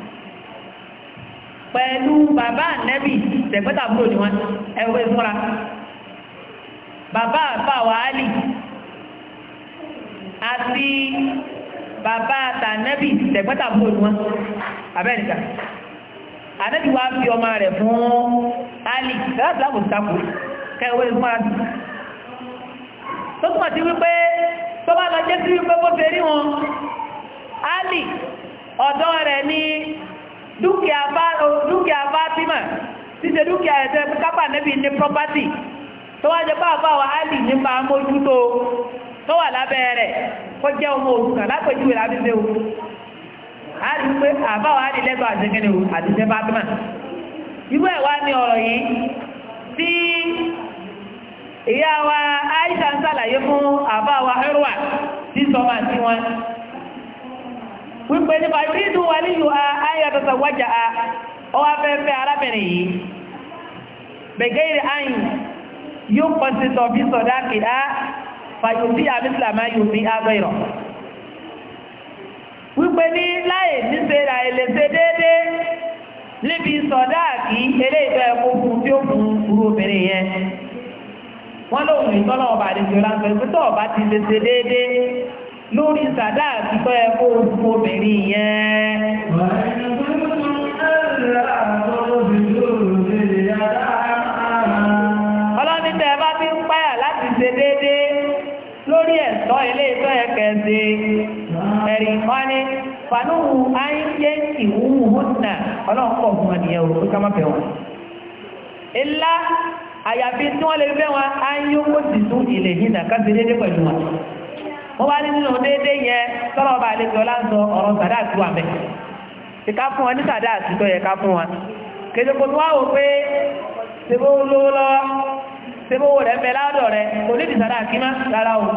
pẹ̀lú bàbá ànẹ́bì tẹ̀gbẹ́ta búrò ní wọn ẹwẹ́ fúnra bàbá àfàwà alì àti bàbá àtànẹ́bì tẹ̀gbẹ́ta búrò ní wọn abẹ́nìkà ànẹ́bì wá fi ọmọ rẹ̀ fún alì láti láàbò ìtakò kẹwẹ́ fúnra tó túnmọ̀ sí wípé tó bá lọ jẹ́ sí wípé bó fẹ́ rí wọn alì ọ̀dọ́ rẹ̀ ní dúkìá Fátímà títẹ dúkìá ẹ̀sẹ̀ kápá nẹ́bí ní property tó wá jẹ́ pàápàá wà áàlì nípa mójútó tó wà lábẹ́ rẹ̀ kó jẹ́ ọmọ òrùkà lápẹjúwe lábíbẹ́ o áàlì pé àbáwà áàlì lẹ́gbọ́ àtẹ́kẹ́ni o àtẹ́kẹ́ Fátímà irú ẹ̀ wá ní ọ̀rọ̀ yìí tí ìyá wa Aisha ń sàlàyé fún àbáwà ẹrùwà tí sọmọ àti wọn wípé ní fàyírídù wà ní yóò ayé àtàtà wájà a ó wá fẹ́ fẹ́ arábìnrin yìí bẹ̀gẹ́rẹ̀ ayin yóò pọ̀ sí tọ̀bí sọ̀dá kìdá fàyòfí àmìsìlàmá yóò fi ágbẹ́ ìrọ̀ wípé ní láì níṣẹ́ ra ẹlẹ́sẹ̀ déédéé níbi sọ̀dá kì í eléyìí ẹ̀kọ́ fún tí ó fún irú obìnrin yẹn wọ́n lóhùn ìtọ́nà ọba àdìsí sọ ìpínlẹ̀ ọba ti lè ṣe déédéé lórí sàdá àtìkọ́ ẹkọ́ ogun obìnrin yẹn ọlọ́nítẹ̀ bá ti ń páyà láti ṣe dédé lórí ẹ̀tọ́ ilé ìtọ́ ẹ̀kẹ́ẹ̀ẹ́ ẹ̀rìn wọ́n ní fanúhù ayé ìwúhù húnnà ọlọ́pọ̀ ọmọ nìyẹn òkú ká má fẹ́ wọn ilá àyàfi tí wọ́n lè fẹ́ wọn ayé ó sì tún ilẹ̀ yìí nà ká ṣe dédé pẹ̀lú wọn mo wá ní nínú déédéé yẹn tọ́lọ́ ọba àlejò ọlá ń sọ sàdáàtì wà mẹ́ ìka fún wọn ní sàdáàtì tó yẹ ká fún wọn kéde kò tó wà wò pé sebo lọ́wọ́ sebo wò rẹ̀ mẹ́ kò ní má rárá o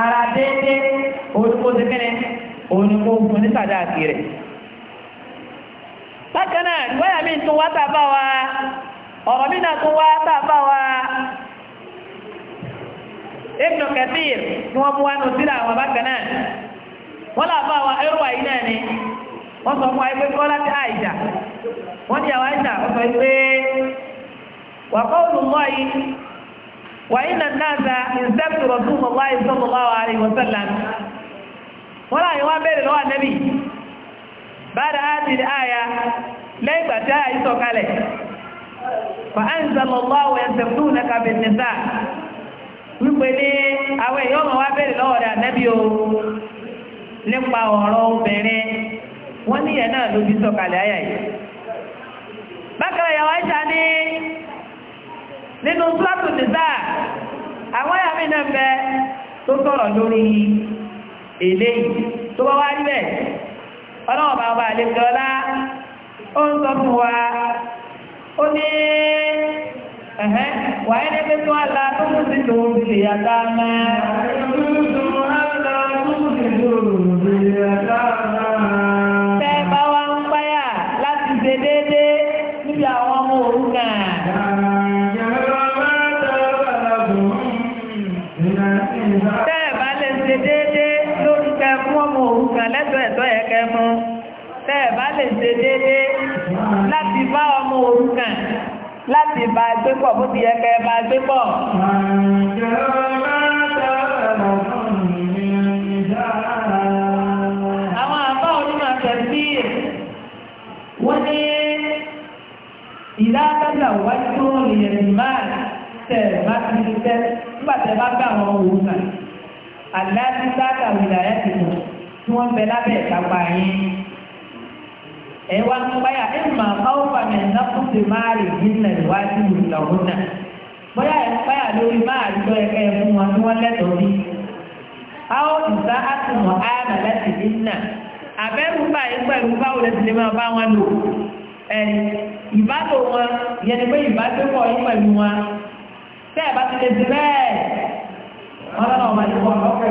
ara déédéé olùkó fún Ibn Kathir ni wọ́n mú wá nù sílẹ̀ àwọn bákan náà wọ́n là bá wa ẹrù àyí náà ni wọ́n sọ fún wa pé kọ́lá ti àìjà wọ́n ti àwọn àìjà wọ́n sọ pé wà kọ́ òun mọ́ yìí wà yìí náà sa ìsẹ́pù rọ̀tún mọ̀lá ìsọ́mọ̀ láwà àrí wọ́sẹ̀lá wọ́n láyé wá bẹ̀rẹ̀ lọ́wọ́ ànẹ́bì bá da á àyà lẹ́yìn ìgbà tí àyà yìí sọ kalẹ̀ fa wípé ní àwọn èèyàn ọmọ wa bèrè lọ́wọ́ rẹ̀ ànẹ́bí o nípa ọ̀rọ̀ obìnrin wọ́n níyẹn náà ló fi sọ̀kalẹ̀ àyà yìí. bákan ìyàwó àìsà ní nínú sùlátù nìsà àwọn ẹ̀yà mi náà fẹ́ tó sọ̀rọ̀ lórí eléyìí tó bá wá ó ń sọ fún wa وإن بتوا لا تفسدوا في اليتامى وإن بتوا لا تفسدوا في اليتامى láti bá a gbé pọ̀ bó ti yẹ kẹ́ bá a gbé pọ̀. àwọn àbá onímọ̀ tẹ̀sí wọ́n ní ìlà àtàjà wáyé tó lè yẹ ìmáà tẹ̀ bá ti di tẹ́ nígbà tẹ́ bá gbà wọn òun kàn. àlá ti sáà kàwé ìdáyà ti mọ̀ tí wọ́n bẹ lábẹ́ ìkápá yín ẹ wá ní báyà ẹ máa káwọ́ fàmì ẹ̀dáfún ti máa rè nílẹ̀ ìwádìí ìlọ̀hún náà bóyá ẹ báyà lórí máa lọ ẹ̀ka ẹ̀ fún wọn tí wọ́n lẹ́tọ̀ọ́ bí. àwọn ìgbà àtúnwọ̀n ààrẹ láti nínà àbẹ́rù báyìí pẹ̀lú báwo lẹ́sìn lè máa bá wọn lò ẹ̀rì ìbálò wọn yẹn ni pé ìbádọ́pọ̀ yín pẹ̀lú wọn tẹ́ ẹ̀ bá ti lè ti bẹ́ẹ̀ wọ́n lọ́nà ọ̀bàdìpọ̀ ọ̀pẹ̀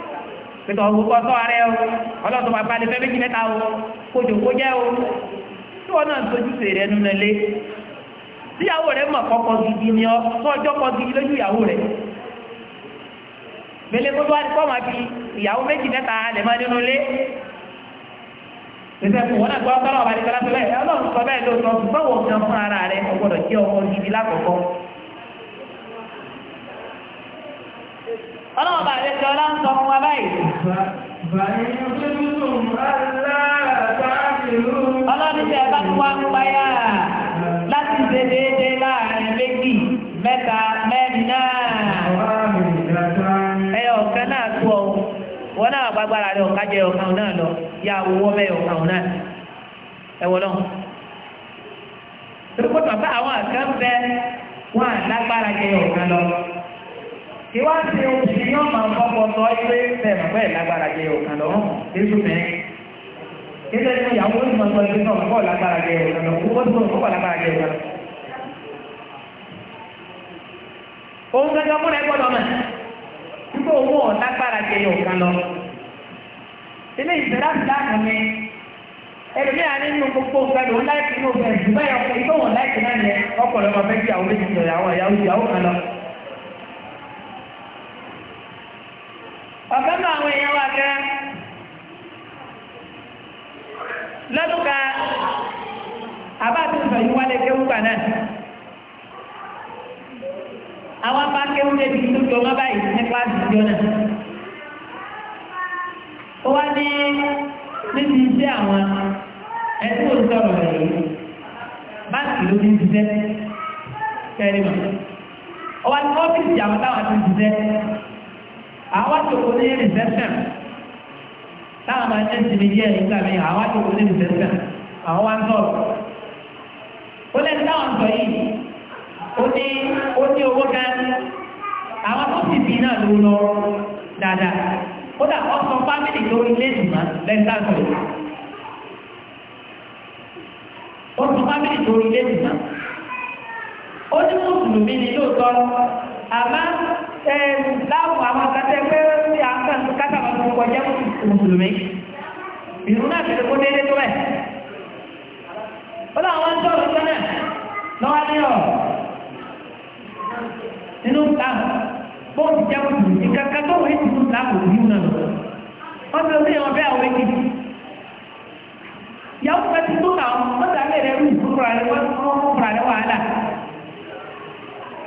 pẹ̀tọ̀ gbogbo ọ̀tọ́ ààrẹ o ọlọ́tọ̀ bàbá lè fẹ́ méjì mẹ́ta o kójò kó jẹ́ o tí wọ́n náà sojú sí rẹ̀ nínú ilé tíyàwó rẹ̀ mọ̀ kọ́kọ́ gidi ni ọ tọ́jọ́ kọ́ gidi lójú ìyàwó rẹ̀ mẹ́lẹ́ gbogbo àdìpọ̀ máa fi ìyàwó méjì mẹ́ta lè máa nínú ilé wọn náà gbọ́ ọlọ́run sọ bẹ́ẹ̀ ọlọ́wọ́ bá rẹ̀ tí ọlá ń sọ fún wa báyìí ọlọ́dún tẹ́ bá tún wá ń payá láti ṣe déédé láàrin méjì mẹ́ta mẹ́rin náà ẹyọ ọ̀kan náà tó ọ wọn náà gbàgbára rẹ ọ̀ka jẹ ọ̀kan náà lọ yà owó mẹ́yọ ọ̀kan náà ẹ̀wọ̀n náà torí pé bàbá àwọn àkànfẹ́ wọn àlágbára jẹ ọ̀kan lọ kí wá sí oṣù yóò máa fọ́pọ̀ sọ ilé tẹ̀mọ̀ bẹ́ẹ̀ lágbára jẹ ọ̀kan lọ́rùn jésù mẹ́rin kíkẹ́ ní ìyàwó ó sì máa sọ ilé náà pọ̀ lágbára jẹ ọ̀kan lọ́rùn ó sì máa pọ̀ lágbára jẹ ọ̀kan lọ́rùn. òun gẹ́gẹ́ múra ẹ gbọ́dọ̀ mọ̀ nígbà owó ọ̀lágbára jẹ ọ̀kan lọ. ilé ìfẹ́ láti dáàbò mi ẹlòmíì àní nínú gbogbo nǹkan lòun láìpẹ́ ní òfin ẹ̀sùn báyọ̀ ọkọ̀ ìgbọ̀wọ̀n láìpẹ́ náà ni ọkọ̀ lọ́mọ fẹ́ kí àwọn méjì ọ̀kan náà àwọn èèyàn wà gan lọ́dún kan àbá tó sọ yìí wálé kéwú gbà náà àwọn bá kéwú débi tó jọ má báyìí ní kíláàsì ìjọ náà ó wá ní níbi iṣẹ́ àwọn ẹtí ò sọ̀rọ̀ rẹ̀ yìí báńkì ló àwọn àjòkó ní reception táwọn máa ń jẹ́ ìsinmi díẹ̀ nígbà mi àwọn àjòkó ní reception àwọn wá ń sọ̀rọ̀ ó lẹ́nu táwọn sọ yìí ó ní ó ní owó kan àwọn tó sì fi náà ló lọ dáadáa ó dà ọ̀sán fámìlì tó ilé ìgbìmọ̀ lẹ́nu táwọn sọ yìí ó sọ fámìlì tó ilé ìgbìmọ̀ ó ní mùsùlùmí ni yóò tọ́ àmọ́ láwọn àwọn àtàtẹ́ pé ní àkàn kátàwà tó kọjá mùsùlùmí ìrún náà tẹ̀lé kó déédé tó ẹ̀ ó láwọn tó rí sọ́nà lọ́wọ́ ní ọ̀ nínú ìtàn bóòdì jẹ́ mùsùlùmí kankan tó wọ́n ti tún láàbò yìí náà wọ́n ti rí ọ̀bẹ́ àwọn èkì yàwó pẹ́ ti tó kà ọ́ mọ́tàlẹ́ rẹ̀ rú ìfúnra rẹ̀ wọ́n fúnra rẹ̀ wàhálà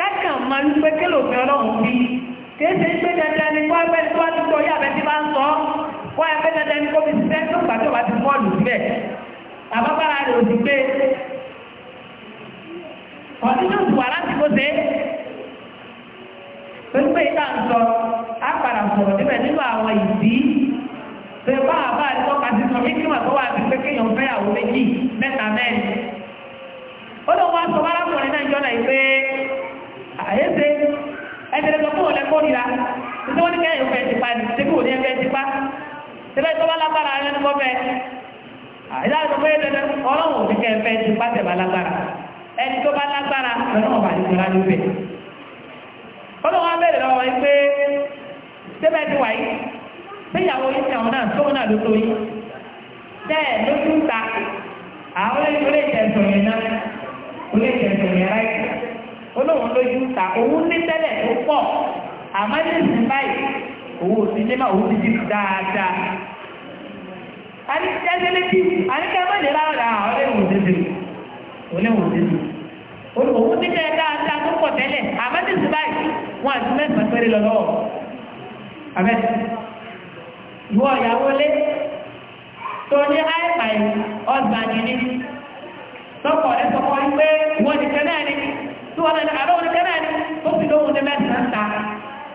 kákan máa ń pé kélò fi ọlọ́run bí kéèsè ń pé dandan ni kó ẹgbẹ́ tó wá ti gbọ́ yá abẹ́ tí bá ń sọ kó ẹgbẹ́ dandan ni kó fi ṣiṣẹ́ tó gbà tó bá ti bọ́ọ̀lù síbẹ̀ àbábára rẹ̀ ò ti gbé ọdún náà wà láti kó ṣe pẹ̀lúpẹ̀ ìta ń sọ àpàrà sọ̀rọ̀ níbẹ̀ nínú àwọn ìdí pé bá àbá àtọ́ka ti sọ kí kíwà tó wà ti pé kéèyàn fẹ́ àwọn méjì mẹ́ta mẹ́rin ó lọ́wọ́ sọ wá lápọ̀ nínú ìjọ́nà ìpé àyẹ́sẹ́ ẹgbẹ̀rẹ̀ sọ fún ọ̀lẹ́kọ́ nira títí wọ́n ní kẹ́yìn fẹ́ ti pa ní tẹ́kù ní ẹgbẹ́ ti pa tẹ́lẹ̀ tó bá lágbára rẹ̀ ní kọ́fẹ́ ìdájọ́ pé ẹgbẹ̀rẹ̀ ọlọ́run òbí kẹ́yìn fẹ́ ti pa tẹ̀ bá lágbára ẹni tó bá lágbára lọ́nà ọ̀bà ní ìjọra ló bẹ̀. ọlọ́run abẹ́rẹ̀ lọ́wọ́ yìí pé tẹ́bẹ̀ ti wà yìí pé ìyàwó yìí ti àwọn náà tó náà ló tó yìí tẹ́ẹ̀ ló tún ta àwọn olóyè ìtẹ̀sọ̀rọ̀ yẹn náà olóyè ìtẹ̀sọ̀rọ̀ yẹn ráìtì onu ló yú ta òun ní tẹ́lẹ̀ tó pọ̀ àmọ́ ní ìsìn báyìí owó òsì jẹ́ máa òun ti dìbò dáadáa àníkẹ́sẹ́lẹ́tì àníkẹ́mọ́lẹ́ lára àwọn ẹ̀wọ̀n dídì oníwọ̀n dídì òun ní tẹ́lẹ̀ dáadáa tó pọ̀ tẹ́lẹ̀ àmọ́ ní ìsìn báyìí wọ́n àti mẹ́sàn-án péré lọ lọ́wọ́ àbẹ́ ìwọ ìyàwó tí wọ́n lẹ́nu àlọ́ òní kẹ́nà ni tó fi lóhun ní mẹ́sàn-án ta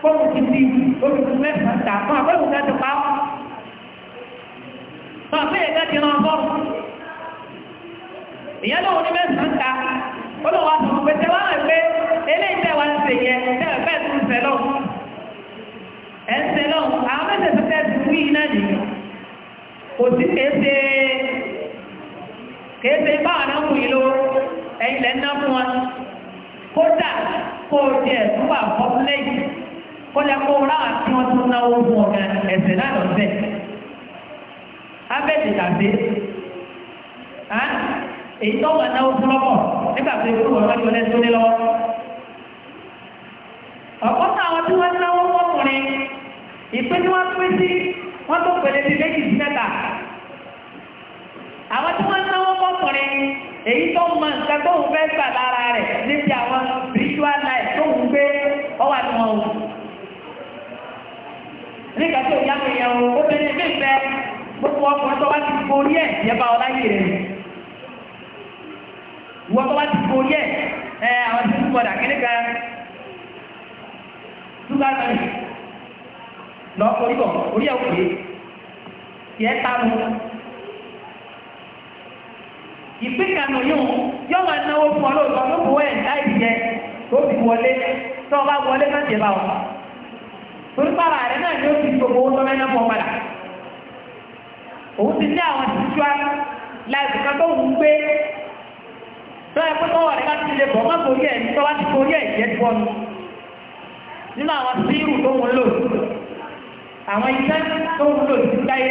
fóun ti di olùkú mẹ́sàn-án ta fún àpẹ́ òun kẹ́tù pa ọ́ fún àpẹ́ yẹn kẹ́tù náà bọ́ ìyẹn lóhun ní mẹ́sàn-án ta olùwà tó ń pèsè wọ́n rẹ̀ pé eléyìí tẹ̀ wá ń sè yẹn tẹ̀ fẹ́ tún sẹ́ lọ́wọ́ ẹ̀ ń sẹ́ lọ́wọ́ àwọn mẹ́sàn-án tẹ̀ tún wí náà nìyẹn kò sí kéèsè kéèsè báwọn náà wù yìí lọ ẹ̀yìn lẹ́ kódà kó o jẹ ẹ̀dúgbà fọ́pùlẹ́yì kó lẹ kó ráwà tí wọ́n tún náwó fún ọ̀gá ẹ̀sẹ̀ náà lọ́sẹ̀. abẹ́ẹ̀dì tàbí èyí tó wà náwó fún lọ́pọ̀ nígbà tó ikú wọn wájú ọlẹ́ tó ní lọ́wọ́. ọ̀pọ̀ táwọn tí wọ́n náwó fọ́kùnrin ìpín tí wọ́n pín sí wọ́n tó pèlè bíi méjì sí mẹ́ta. àwọn tí wọ́n náwó fọ́kùnrin èyí tó mọ nǹkan tó ń fẹ́ gbà lára rẹ̀ níbi àwọn spiritual life tó ń gbé ọwà tí wọ́n wù. nígbà tó yá mi yẹn o obìnrin mi fẹ́ gbogbo ọkùnrin tó bá ti borí ẹ̀ yẹn bá ọ láyé rẹ̀ wọ́n tó bá ti borí ẹ̀ ẹ̀ àwọn tí wọ́n padà kí nígbà túbà náà lọ́kọ̀ọ́ orí ẹ̀ òkè yẹn tá mu ìpínkànnù yóò yóò máa náwó fún ọlọ́ọ̀tọ́ ló fún ẹ̀ láì jẹ tó fi wọlé tó bá wọlé má jẹ bá wọn torí pàrọ̀ rẹ̀ náà ni ó ti gbogbo owó tọ́lá náà fọ́ padà òun ti ní àwọn títú á láti kan tó wù ú pé tó yẹ pé tọ́wọ́ rẹ̀ bá ti lè bọ̀ má torí ẹ̀ tó bá ti torí ẹ̀ jẹ́ ti nínú àwọn síìrù tó ń lò àwọn iṣẹ́ tó ń lò ti dáyé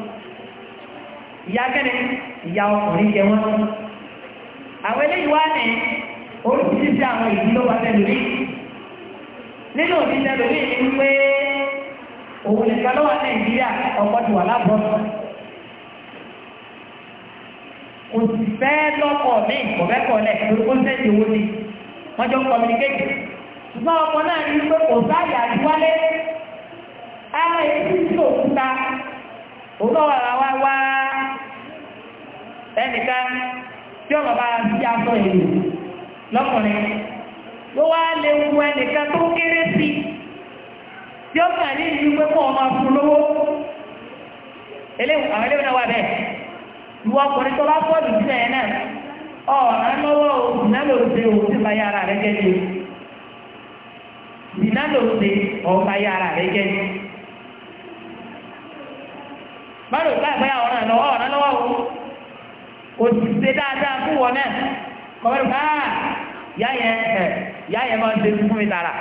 ìyá kẹ́ni ìyá ọkùnrin jẹ wọ́n àwọn eléyìí wá ní àwọn ìdílọ́wà ló nínú òbí tẹ́lú rí pé òun nìkan ló nàìjíríà ọkọ̀ wà lábọ́ kò sì fẹ́ lọ́kọ̀ ni wọ́n jọ kọ́míníkéjì ṣùgbọ́n náà ní pé kò àdúwálé ara èyí òun náà wà wá wá ẹnìkan tí ọmọ bá ti aṣọ ìlú lọ́kùnrin ló wá lè wu ẹnìkan tó kéré sí tí ó kà ní ìlú pé kọ́ ọmọ fún lówó àwọn eléwu náà bẹ́ẹ̀ ìwọ ọkùnrin tó bá pọ̀ jù sílẹ̀ yẹn náà ọ̀nà lọ́wọ́ òsìnà lòdì òsì bá yára rẹ̀ jẹ́ ni ìdìnnà lòdì bá yára rẹ̀ jẹ́ báwo ìgbà ìgbà ọ̀ràn lọ́wọ́ ọ̀ràn lọ́wọ́ o kò sì ṣe dáadáa fún wọn náà kọ́mẹ́rù ká yá yẹn ẹ̀ yá yẹn máa ń ṣe fún mi tààrà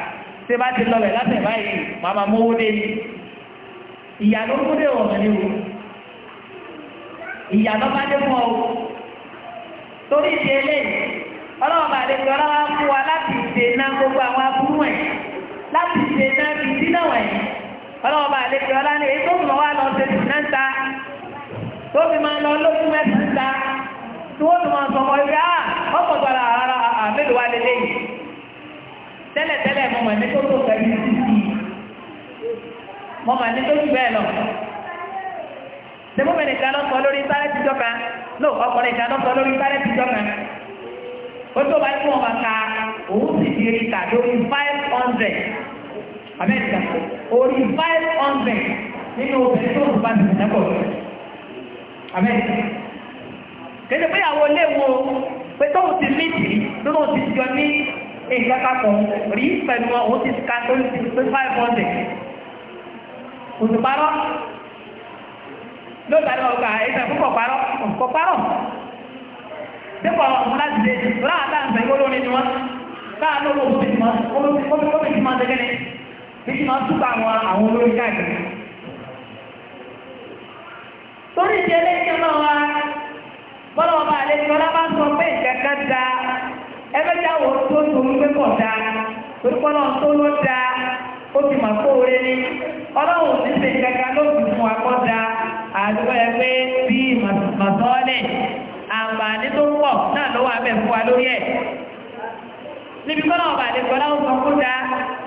ṣé bá ti lọlẹ̀ látẹ̀ báyìí màmá mówó dé ìyá ló kú dé ọ̀ràn ni o ìyá ló bá dé fún ọ torí ìdí eléyìí ọlọ́ọ̀bà àdéhùn ọlọ́wà fún wa láti dènà gbogbo àwọn abúrú ẹ̀ láti dènà ìdínà wọ̀nyí ọlọ́wọ́ bá àlejò ọlá ní èyí tó mọ̀ wá lọ sí mẹ́ta tó fi máa lọ lójú mẹ́ta tí wọ́n tún máa sọ ọmọ ibi áà ọkọ̀ gbọ́dọ̀ ara àmìlú wa lélẹ̀ yìí tẹ́lẹ̀tẹ́lẹ̀ mo mọ̀ ní tó tó fẹ́ yìí sí i mo mọ̀ ní tó jù bẹ́ẹ̀ lọ. Tẹ̀mọ́mẹ́ni kan lọ sọ lórí sáré tìjọ́ kan, ló ọkùnrin kan lọ sọ lórí sáré tìjọ́ kan. Ó tó bá yẹ kí wọ́n máa ka five hundred. Amẹ́ríkà orí five hundred nínú obìnrin tó kù bá ti tẹ̀lé pọ̀ Amẹ́ríkà kéde pé àwọn oléwo pé tóun ti mítì lóun ti jọ ní nǹkan papọ̀ rí pẹ̀lú òun ti ka tó ti pé five hundred òtùpárọ̀ lóòótọ́ ni ọgbà ẹ̀sẹ̀ fún kọ̀párọ̀ kọ̀párọ̀ dépò ọmọ láti dé láàtà ń sẹ́yìn olórin ni wọ́n láàánú olóòtú ti mọ́ olóòtú ti mọ́ sẹ́gẹ́ni. títí máa túbọ̀ àwọn àwọn olórí káàkiri. torí ti eléyìí náà wá bọ́lá ọba àlejò ọlábá sọ pé ìkẹ́kẹ́ da ẹgbẹ́jà wo tó tó ń gbé pọ̀ da orúkọ náà tó ló da ó ti máa kó orí ni ọlọ́run ti ṣe ìkẹ́kẹ́ ló fi fún akọ́ da àdúgbò ẹgbẹ́ bíi màtọ́ọ́lẹ̀ àǹfààní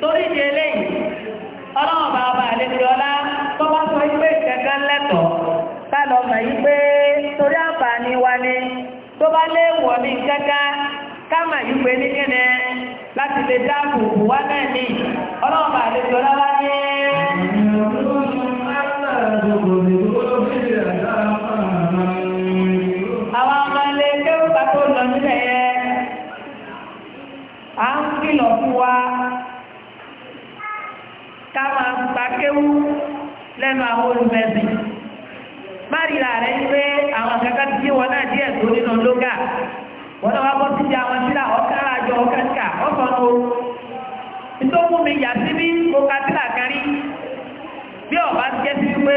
torí di eléyìí ọlọ́run bá ọba àlejò ọlá tó bá sọ pé ìkẹ́kẹ́ lẹ́tọ̀ ká ọmọ yí pé torí àǹfààní wa ni tó bá lé wọ̀ ní kẹ́kẹ́ yí pé ní kíni láti lè dáàbò wá bá àlejò àwọn ọmọ ilé lọ nílẹ̀ yẹn ká máa gba kéwú lẹ́nu àwọn olùmẹ̀sì má rí ra rẹ̀ pé àwọn kankan ti wọn náà díẹ̀ tó nínú lóga wọn náà wá bọ́ síbi àwọn sílà ọ̀kára àjọ ọ̀kánká ọ̀sán o nítorí mú mi yà síbí mo ka sílà kárí bí ọ̀bá jẹ́ sí pé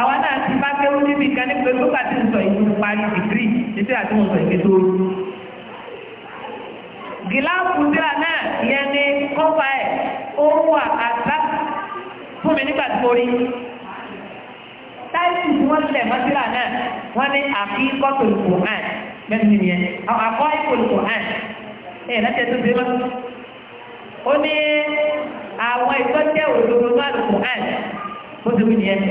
àwọn náà ti bá kéwú níbi kan ní pé gbogbo àti ìsọ̀ ìlú parí dìgírì títí àti ìsọ̀ ìgbésóòrù gíláàsì síra náà yẹn ní kọ́fà ẹ̀ ó wà àgbà fún mi nígbà tí mo rí táìsì tí wọ́n lẹ̀ mọ́ síra náà wọ́n ní àkíkọ́ tó lùkù hàn mẹ́rin nìyẹn àkọ́ ìkò lùkù hàn ẹ̀ láti ẹ̀ tó dé mọ́ ó ní àwọn ìtọ́jẹ́ òdodo náà lùkù hàn ó ti wí nìyẹn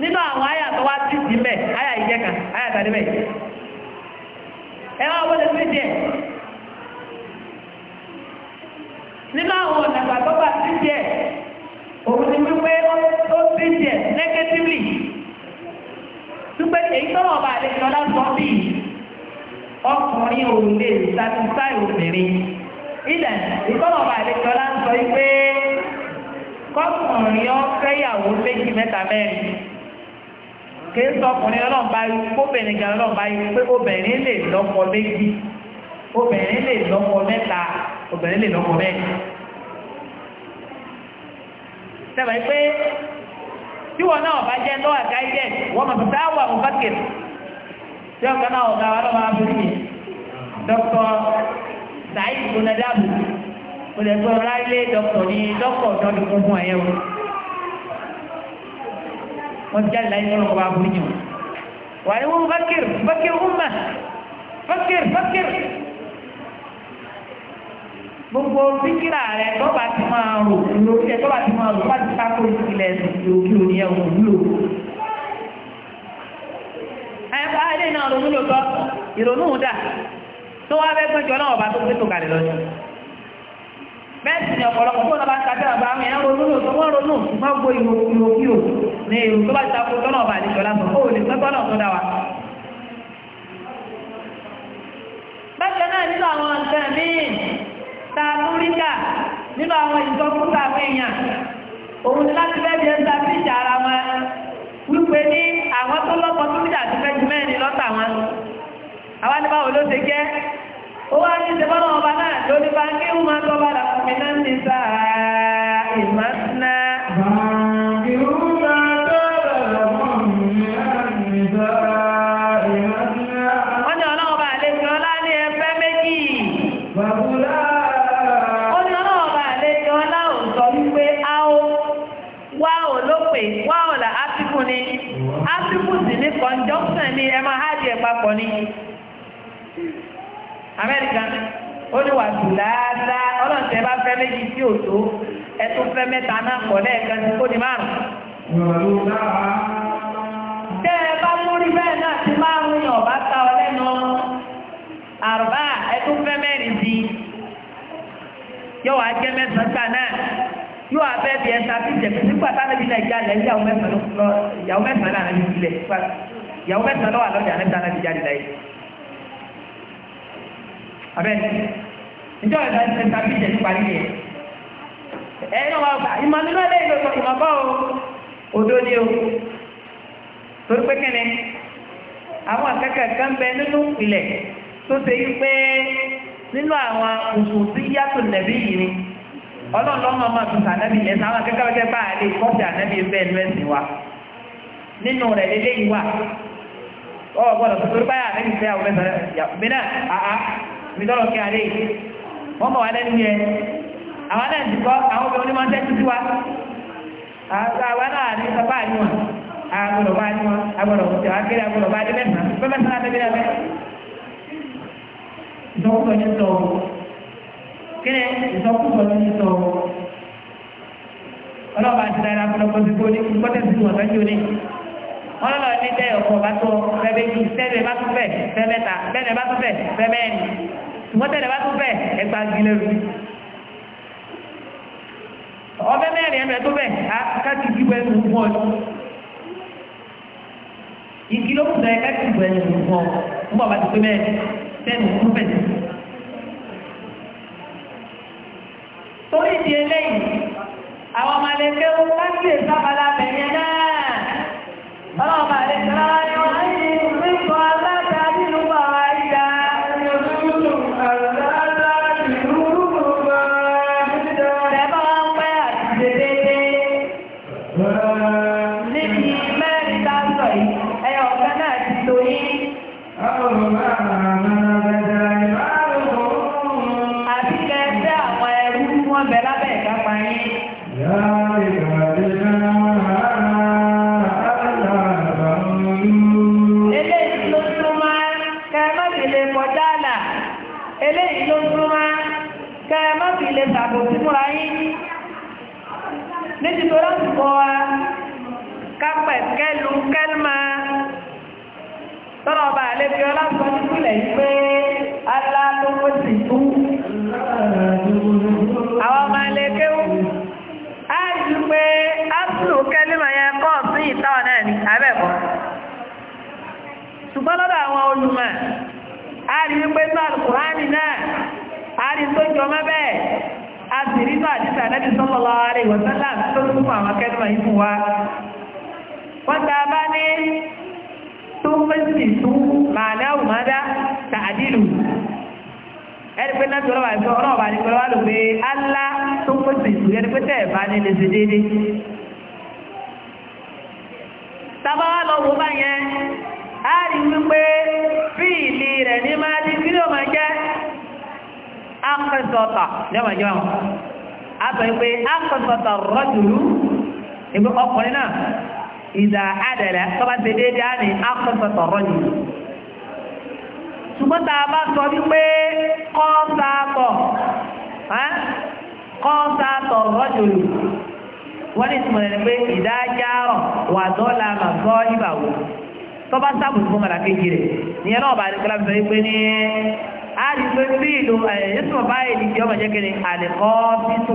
nínú àwọn àyà tó wá títì mẹ́ àyà ìjẹ́ka àyà tàdébẹ̀ ẹ wá wọlé fídíẹ̀ nínú àwọn ọ̀nà àgbàgbọ́ bá ti jẹ́ òun ni wípé ó ti jẹ́ negatively wípé èyí tó wọ́n bá lè sọ lásán bí ọkùnrin òun lè satisfy obìnrin ilẹ̀ ìkọ́wọ́n bá lè sọ lásán wípé kọ́kùnrin ọ̀fẹ́yàwó méjì mẹ́ta mẹ́rin kìí sọ ọkùnrin ọlọ́run bá yí kóbìnrin gan ọlọ́run bá yí pé obìnrin lè lọ́kọ méjì obìnrin lè lọ́kọ mẹ́ta obìnrin lè lọ́mọ bẹ́ẹ̀ sẹ́wà yìí pé tí wọn náà bá jẹ́ lọ́wọ́ àgáyẹ̀ wọ́n mọ̀ tó wà mú bákẹ̀ tí wọn kan náà ọ̀gá wa lọ́wọ́ abúlé dr saheed bonadabu olùdókòwò rárílé dr ní dr ọ̀dọ́dún fún ẹ̀yẹ́wò wọ́n ti jáde láyé lọ́wọ́ abúlé yìí wọ́n ni wọ́n bákẹ̀ bákẹ̀ gbogbo fíkìrà rẹ̀ tó bá ti máa rò lórí ẹ̀ tó bá ti máa rò láti sáko ìpìlẹ̀ òkè òní ẹ̀wọ̀n òwúlò ẹ̀fà ilé náà ronú ló tọ́ ìrònú dà tó wá bẹ́ẹ̀ gbẹ́jọ náà ọba tó gbé tó kàlẹ̀ lọ́jọ́ bẹ́ẹ̀ sì ni ọ̀pọ̀lọpọ̀ tó náà bá ń tàbí àbá àwọn èèyàn ronú ló tó wọ́n ronú wọ́n gbó ìròkúrò ní èrò tó bá ti sáko tọ́nà ọba àdìjọ lásán ó lè pẹ́ tọ́nà tó dá wa bákan náà nínú àwọn nǹkan míì ta lóríkà nínú àwọn ìjọkúta fẹ́yàn òun ni láti fẹ́ bí ẹ̀ta sí ìjà ara wọn wípé ní àwọn tó lọ́pọ̀ tó níjà ti fẹ́ ju mẹ́rin lọ́tà wọn àwọn ní báwo ló ṣe jẹ́ ó wá ní ìṣẹ́fọ́nà ọba náà lórí bá kí ó máa tọ́ bá làkùnrin náà ní sáà ìmáà pọ̀ ní amẹ́ríkà ó ní wà jù dáadáa ọlọ́ọ̀tẹ̀ bá fẹ́ méjì sí òtó ẹtú fẹ́ mẹ́ta náà pọ̀ lẹ́ẹ̀kan tí kò ní márùn-ún. tẹ́ ẹ bá múrí bẹ́ẹ̀ náà ti márùn-ún yàn bá ta ọ lẹ́nu àrùbá ẹtú fẹ́ mẹ́rin sí yóò wá jẹ́ mẹ́sàn-án náà yóò abẹ́ bí ẹ sábì jẹ̀bi nígbà táwọn ibi nàìjíríà lẹ́yìn ìyàwó mẹ́sàn-án náà lẹ́yìn ìlẹ̀ ìyàwó mẹ́ta lọ́wọ́ àlọ́jà níta náà ti jáde láyé abẹ́ni ìjọ ìta ti ta bí ìjẹ́ nípa nílé ẹ̀ náà wà gbà ìmọ̀ nínú ẹ̀lẹ́ ìlú ọ̀tọ̀ ìmọ̀ bọ́ òdo ni o torí pé kíni àwọn kan bẹ nínú ìpìlẹ̀ tó ṣe yí pé nínú àwọn tí nẹ̀bí yìí ni ọlọ́run lọ́mọ ọmọ yẹn sáwọn bẹ́ẹ̀ nú ẹ̀sìn wa ọgbọ́dọ̀ tó torí báyà lẹ́yìn fẹ́ àwọn mẹ́sàn-án mìíràn àá mìtọ́rọ̀ kí a lè wọ́n mọ̀ wá lẹ́nu yẹ àwọn náà ti kọ́ àwọn obìnrin onímọ̀ tẹ́tí sí wa àwọn náà ní sọpá àyè wọn agbọ́dọ̀ bá ní wọn agbọ́dọ̀ kò tí a kéré agbọ́dọ̀ bá dé mẹ́sàn-án pé mẹ́sàn-án tẹ́bí lẹ́fẹ́ ìsọkúsọ ní sọ kíni ìsọkúsọ ní sọ ọlọ́ọ̀bá ti dára agbọ́dọ̀ kọ́ sí kó ní kó tẹ̀sí wọn sọ́jú ní ọlọ́lọ́ ní tẹ́ ọ̀pọ̀ bá tó fẹ́bẹ́ jù tẹ́lẹ̀ bá tún fẹ́ fẹ́bẹ́ ta bẹ́ẹ̀ bá tún fẹ́ fẹ́bẹ́ ẹni ṣùgbọ́n tẹ́lẹ̀ bá tún fẹ́ ẹgbà gílẹ̀ rú ọbẹ̀ mẹ́rin ẹ̀mẹ́ tó bẹ̀ káàkiri ju ẹnu fún ọ igi ló kùtà ẹ káàkiri ju ẹnu fún ọ ń bọ̀ bá ti pé mẹ́rin tẹ́nu fún bẹ̀ torí ìdí eléyìí àwọn ọmọ alẹ́kẹ́ ó káàkiri sábàlá bẹ̀rẹ̀ náà ọlọ́ọ̀bà àlejò alaihi wa sallam tó tún fún àwọn akẹ́kọ̀ọ́ yìí fún wa wọ́n ta bá ní tó fèsì tó màdáwù mádá tààdìlù ẹni pé náà tọ́lọ́wà ẹ̀fọ́ ọlọ́ọ̀bà ní pẹ̀lú wà ló pé alá tó fèsì tó yẹni pé tẹ́ẹ̀bá ní lè ṣe déédéé tábàwá lọ wò bá yẹn á rí wípé fíìlì rẹ̀ ní máa di kí máa jẹ́ ápẹ́sọ̀tà ní ọmọ ìjọba sọ pé akọ̀tọ̀tọ̀ rọ́jùlú ìgbé ọkùnrin náà ìdá àdẹ̀lẹ̀ tọ́bá ti déédé á ní akọ̀tọ̀tọ̀ rọ́jùlú ṣùgbọ́n tá a bá sọ wípé kọ́ńtàtọ̀ kọ́ńtàtọ̀ rọ́jùlú wọ́n ní ìtumọ̀ lẹ́nu pé ìdájárọ̀ wà dọ́là mà sọ ìbàwò tọ́bá sábùsù fún màlàkejì rẹ̀ ìyẹn náà bá a ní kọ́lá fi sọ wípé ní àdìgbò sí ìlú ẹ̀yẹ́sùn báyìí ìjọba jẹ́kẹ̀rẹ̀ àlẹ́kọ́ títù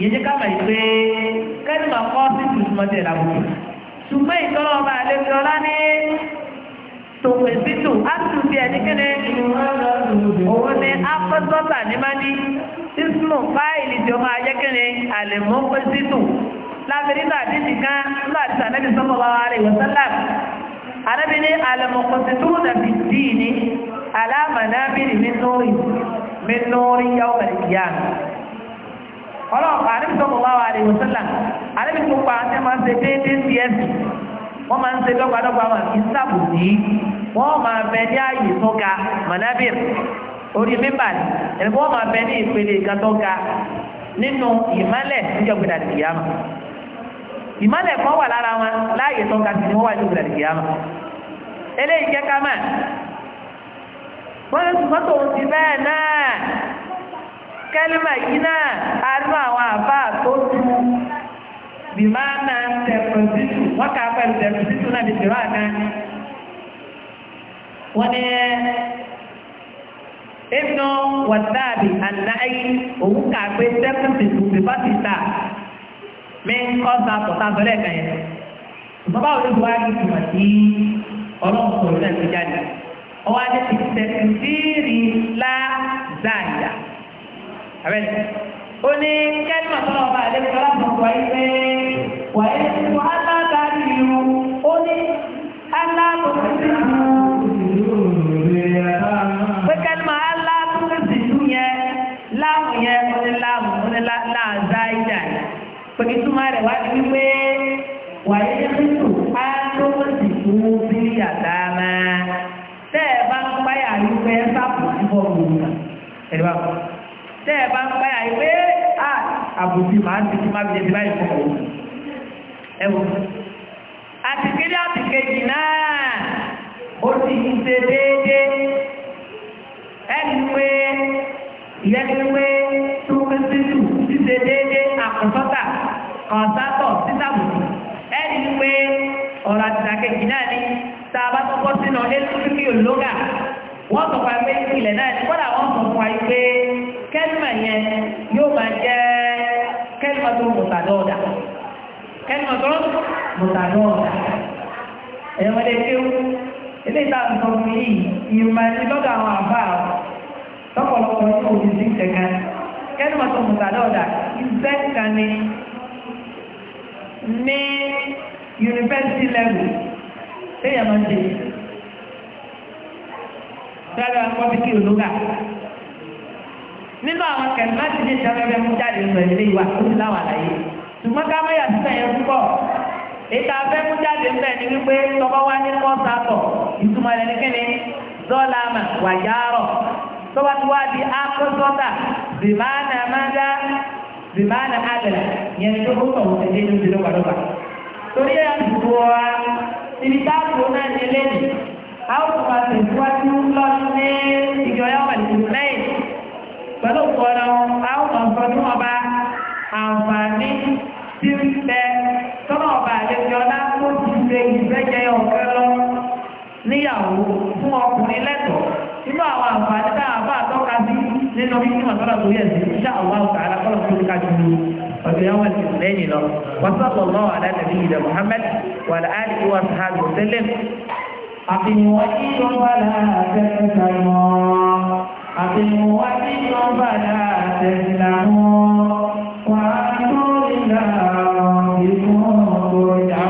yìí jẹ́ káàmà yìí pé kẹ́lìmà kọ́ sí tùsùmọ́tì ìlàbùkù ṣùgbọ́n ìtọ́lọ́ ọba àlejò ọlá ní tòwé títù átù bí ẹni kéde òun ni afọ́sọ́tà ní má ní ismu fáìlì tí ó máa jẹ́ kéde àlèmọ́ pé títù lábẹ́rẹ́ náà dídì kan nígbà tí sànẹ́bí sọ́kọ̀ bá wà rẹ̀ wọ́sálà àdẹ́bí ní àlèmọ́kọ̀sí tó wù dàbí dìí ní alámàdábìrì mi nórí mi nórí yàwó ẹ̀kíyà ọlọ́pàá àdébìsọ̀mọ̀láwà àdébìsọ̀là àdébìsọ̀pá àti máa ń ṣe déédéé sí ẹ̀sìn wọ́n máa ń ṣe dọ́gbadọ́gba wọn kì í sàbùdí wọ́n máa bẹ ní ààyè tó ga mọ̀nàbír orí mímbà ni ẹni wọ́n máa bẹ ní ìpele kan tó ga nínú ìmálẹ̀ níjọ̀gbìn àdìgíyàmà ìmálẹ̀ kan wà lára wọn láàyè tó ga sí ni wọ́n wà níjọ̀gbìn àdìgíyàmà eléyìí jẹ́ ká mọ̀ wọ́n ti mọ́tò ti kẹ́límà yìí náà a rí àwọn àbá tó tu bí máa na tẹ̀pẹ̀sìtù wọ́n kà á pẹ̀lú tẹ̀pẹ̀sìtù náà lè jẹ́ wà náà wọ́n ní ibnu wàdáàbì àdáyé òun kà pé tẹ̀pẹ̀sìtù bí bá ti ta mí kọ́ sa pọ̀tà sọ́lẹ̀ kan yẹn ṣùgbọ́n báwo ló wá ní ìtumọ̀ sí ọlọ́run sọ̀rọ̀ náà ti jáde ọwọ́ adé ti tẹ̀síìrì lá záàyà abẹ́rẹ́ ó ní kẹ́lìmọ̀ tọ́lọ̀ ọba àdébùtọ́ láti ọkọ̀ wáyé pé wàyé tó alága ìlú ó ní aláàbòsí pé kẹ́lìmọ̀ aláàbòsí ìlú yẹn láàmù yẹn ó ní láàmù ó ní láàzá ìjà pé kí túmọ̀ rẹ̀ wá ní wípé wàyé tó aláàbòsí ìlú bí àdámá tẹ́ ẹ bá ń páyà wípé sábò ìbọn òun ẹ̀rí bá kọ́ tẹ́ ẹ bá ń báyà ìwé ah, àbùsí màá ti ti má fi jẹ́ báyìí fún òun ẹwọ àtìkéde àtìkejì náà ó ti ń ṣe déédéé ẹnuwe ìyẹnuwe tó ń sètù ti se déédéé àkọsọ́tà kọ̀ọ̀sátọ̀ sísàbùsù ẹnuwe ọ̀rọ̀ àtìkejì náà ni tá a bá tọ́kọ́ sínú ẹlẹ́túrúkì ológa wọ́n sọ fún wa pé ìpìlẹ̀ náà ni kọ́dà wọ́n sọ fún wa pé kẹ́lìmà yẹn yóò máa jẹ́ kẹ́lìmà tó mùtàdọ́ọ̀dà kẹ́lìmà tó mùtàdọ́ọ̀dà ẹ̀yọ́mọdé tí ó ilé ìta nǹkan fún yìí ìmọ̀ ẹni lọ́dọ̀ àwọn àbá lọ́pọ̀lọpọ̀ ní òbí sí ìtẹ̀ka kẹ́lìmà tó mùtàdọ́ọ̀dà ìfẹ́ kan ní ní yunifásitì lẹ́wù téèyàn máa kí ológa nínú àwọn kẹ̀mí láti ní ìdáfẹ́fẹ́ mú jáde sọ ilé ìwà tó ti láwà láyé ṣùgbọ́n ká mọ́ yàtí sẹ́yìn púpọ̀ ètò afẹ́ mú jáde mbẹ́ ni wípé tọ́kọ́ wá ní kọ́sàtọ̀ ìtumọ̀ rẹ̀ ní kíni zọ́làmà wàjárọ̀ tọ́ba tí wá di akọ́sọ́tà bìmánà mádá bìmánà àgàlà yẹn tó kó sọ̀rọ̀ tẹ̀lé ní ìdílé wàdọ́gba torí ẹ̀ àdúgbò wa ibi táàbù náà ní eléyìí a ó tún ma tẹ̀síwájú lọ́sí nǹkan lọ níyàwó fún ọkùnrin lẹ́tọ̀ọ́ inú àwọn àǹfààní tá a bá tọ́ka sí nínú bíbí màtọ́lá tó yẹ sí iṣẹ́ àwọn àwòrán alákọ̀ọ́lọ́ tó ká ju ọ̀dọ̀ yẹn wọ́n ti lẹ́yìn lọ wàsàlọ̀ lọ́wọ́ adájọ́ bíi ìdá Muhammad wà láàyè kí wọ́n sàá lò tẹ́lẹ̀. àfihàn wọ́n ti yọ bàlá àtẹ̀sílà mọ́ àfihàn wọ́n ti yọ bàlá àtẹ̀sílà mọ́ wà á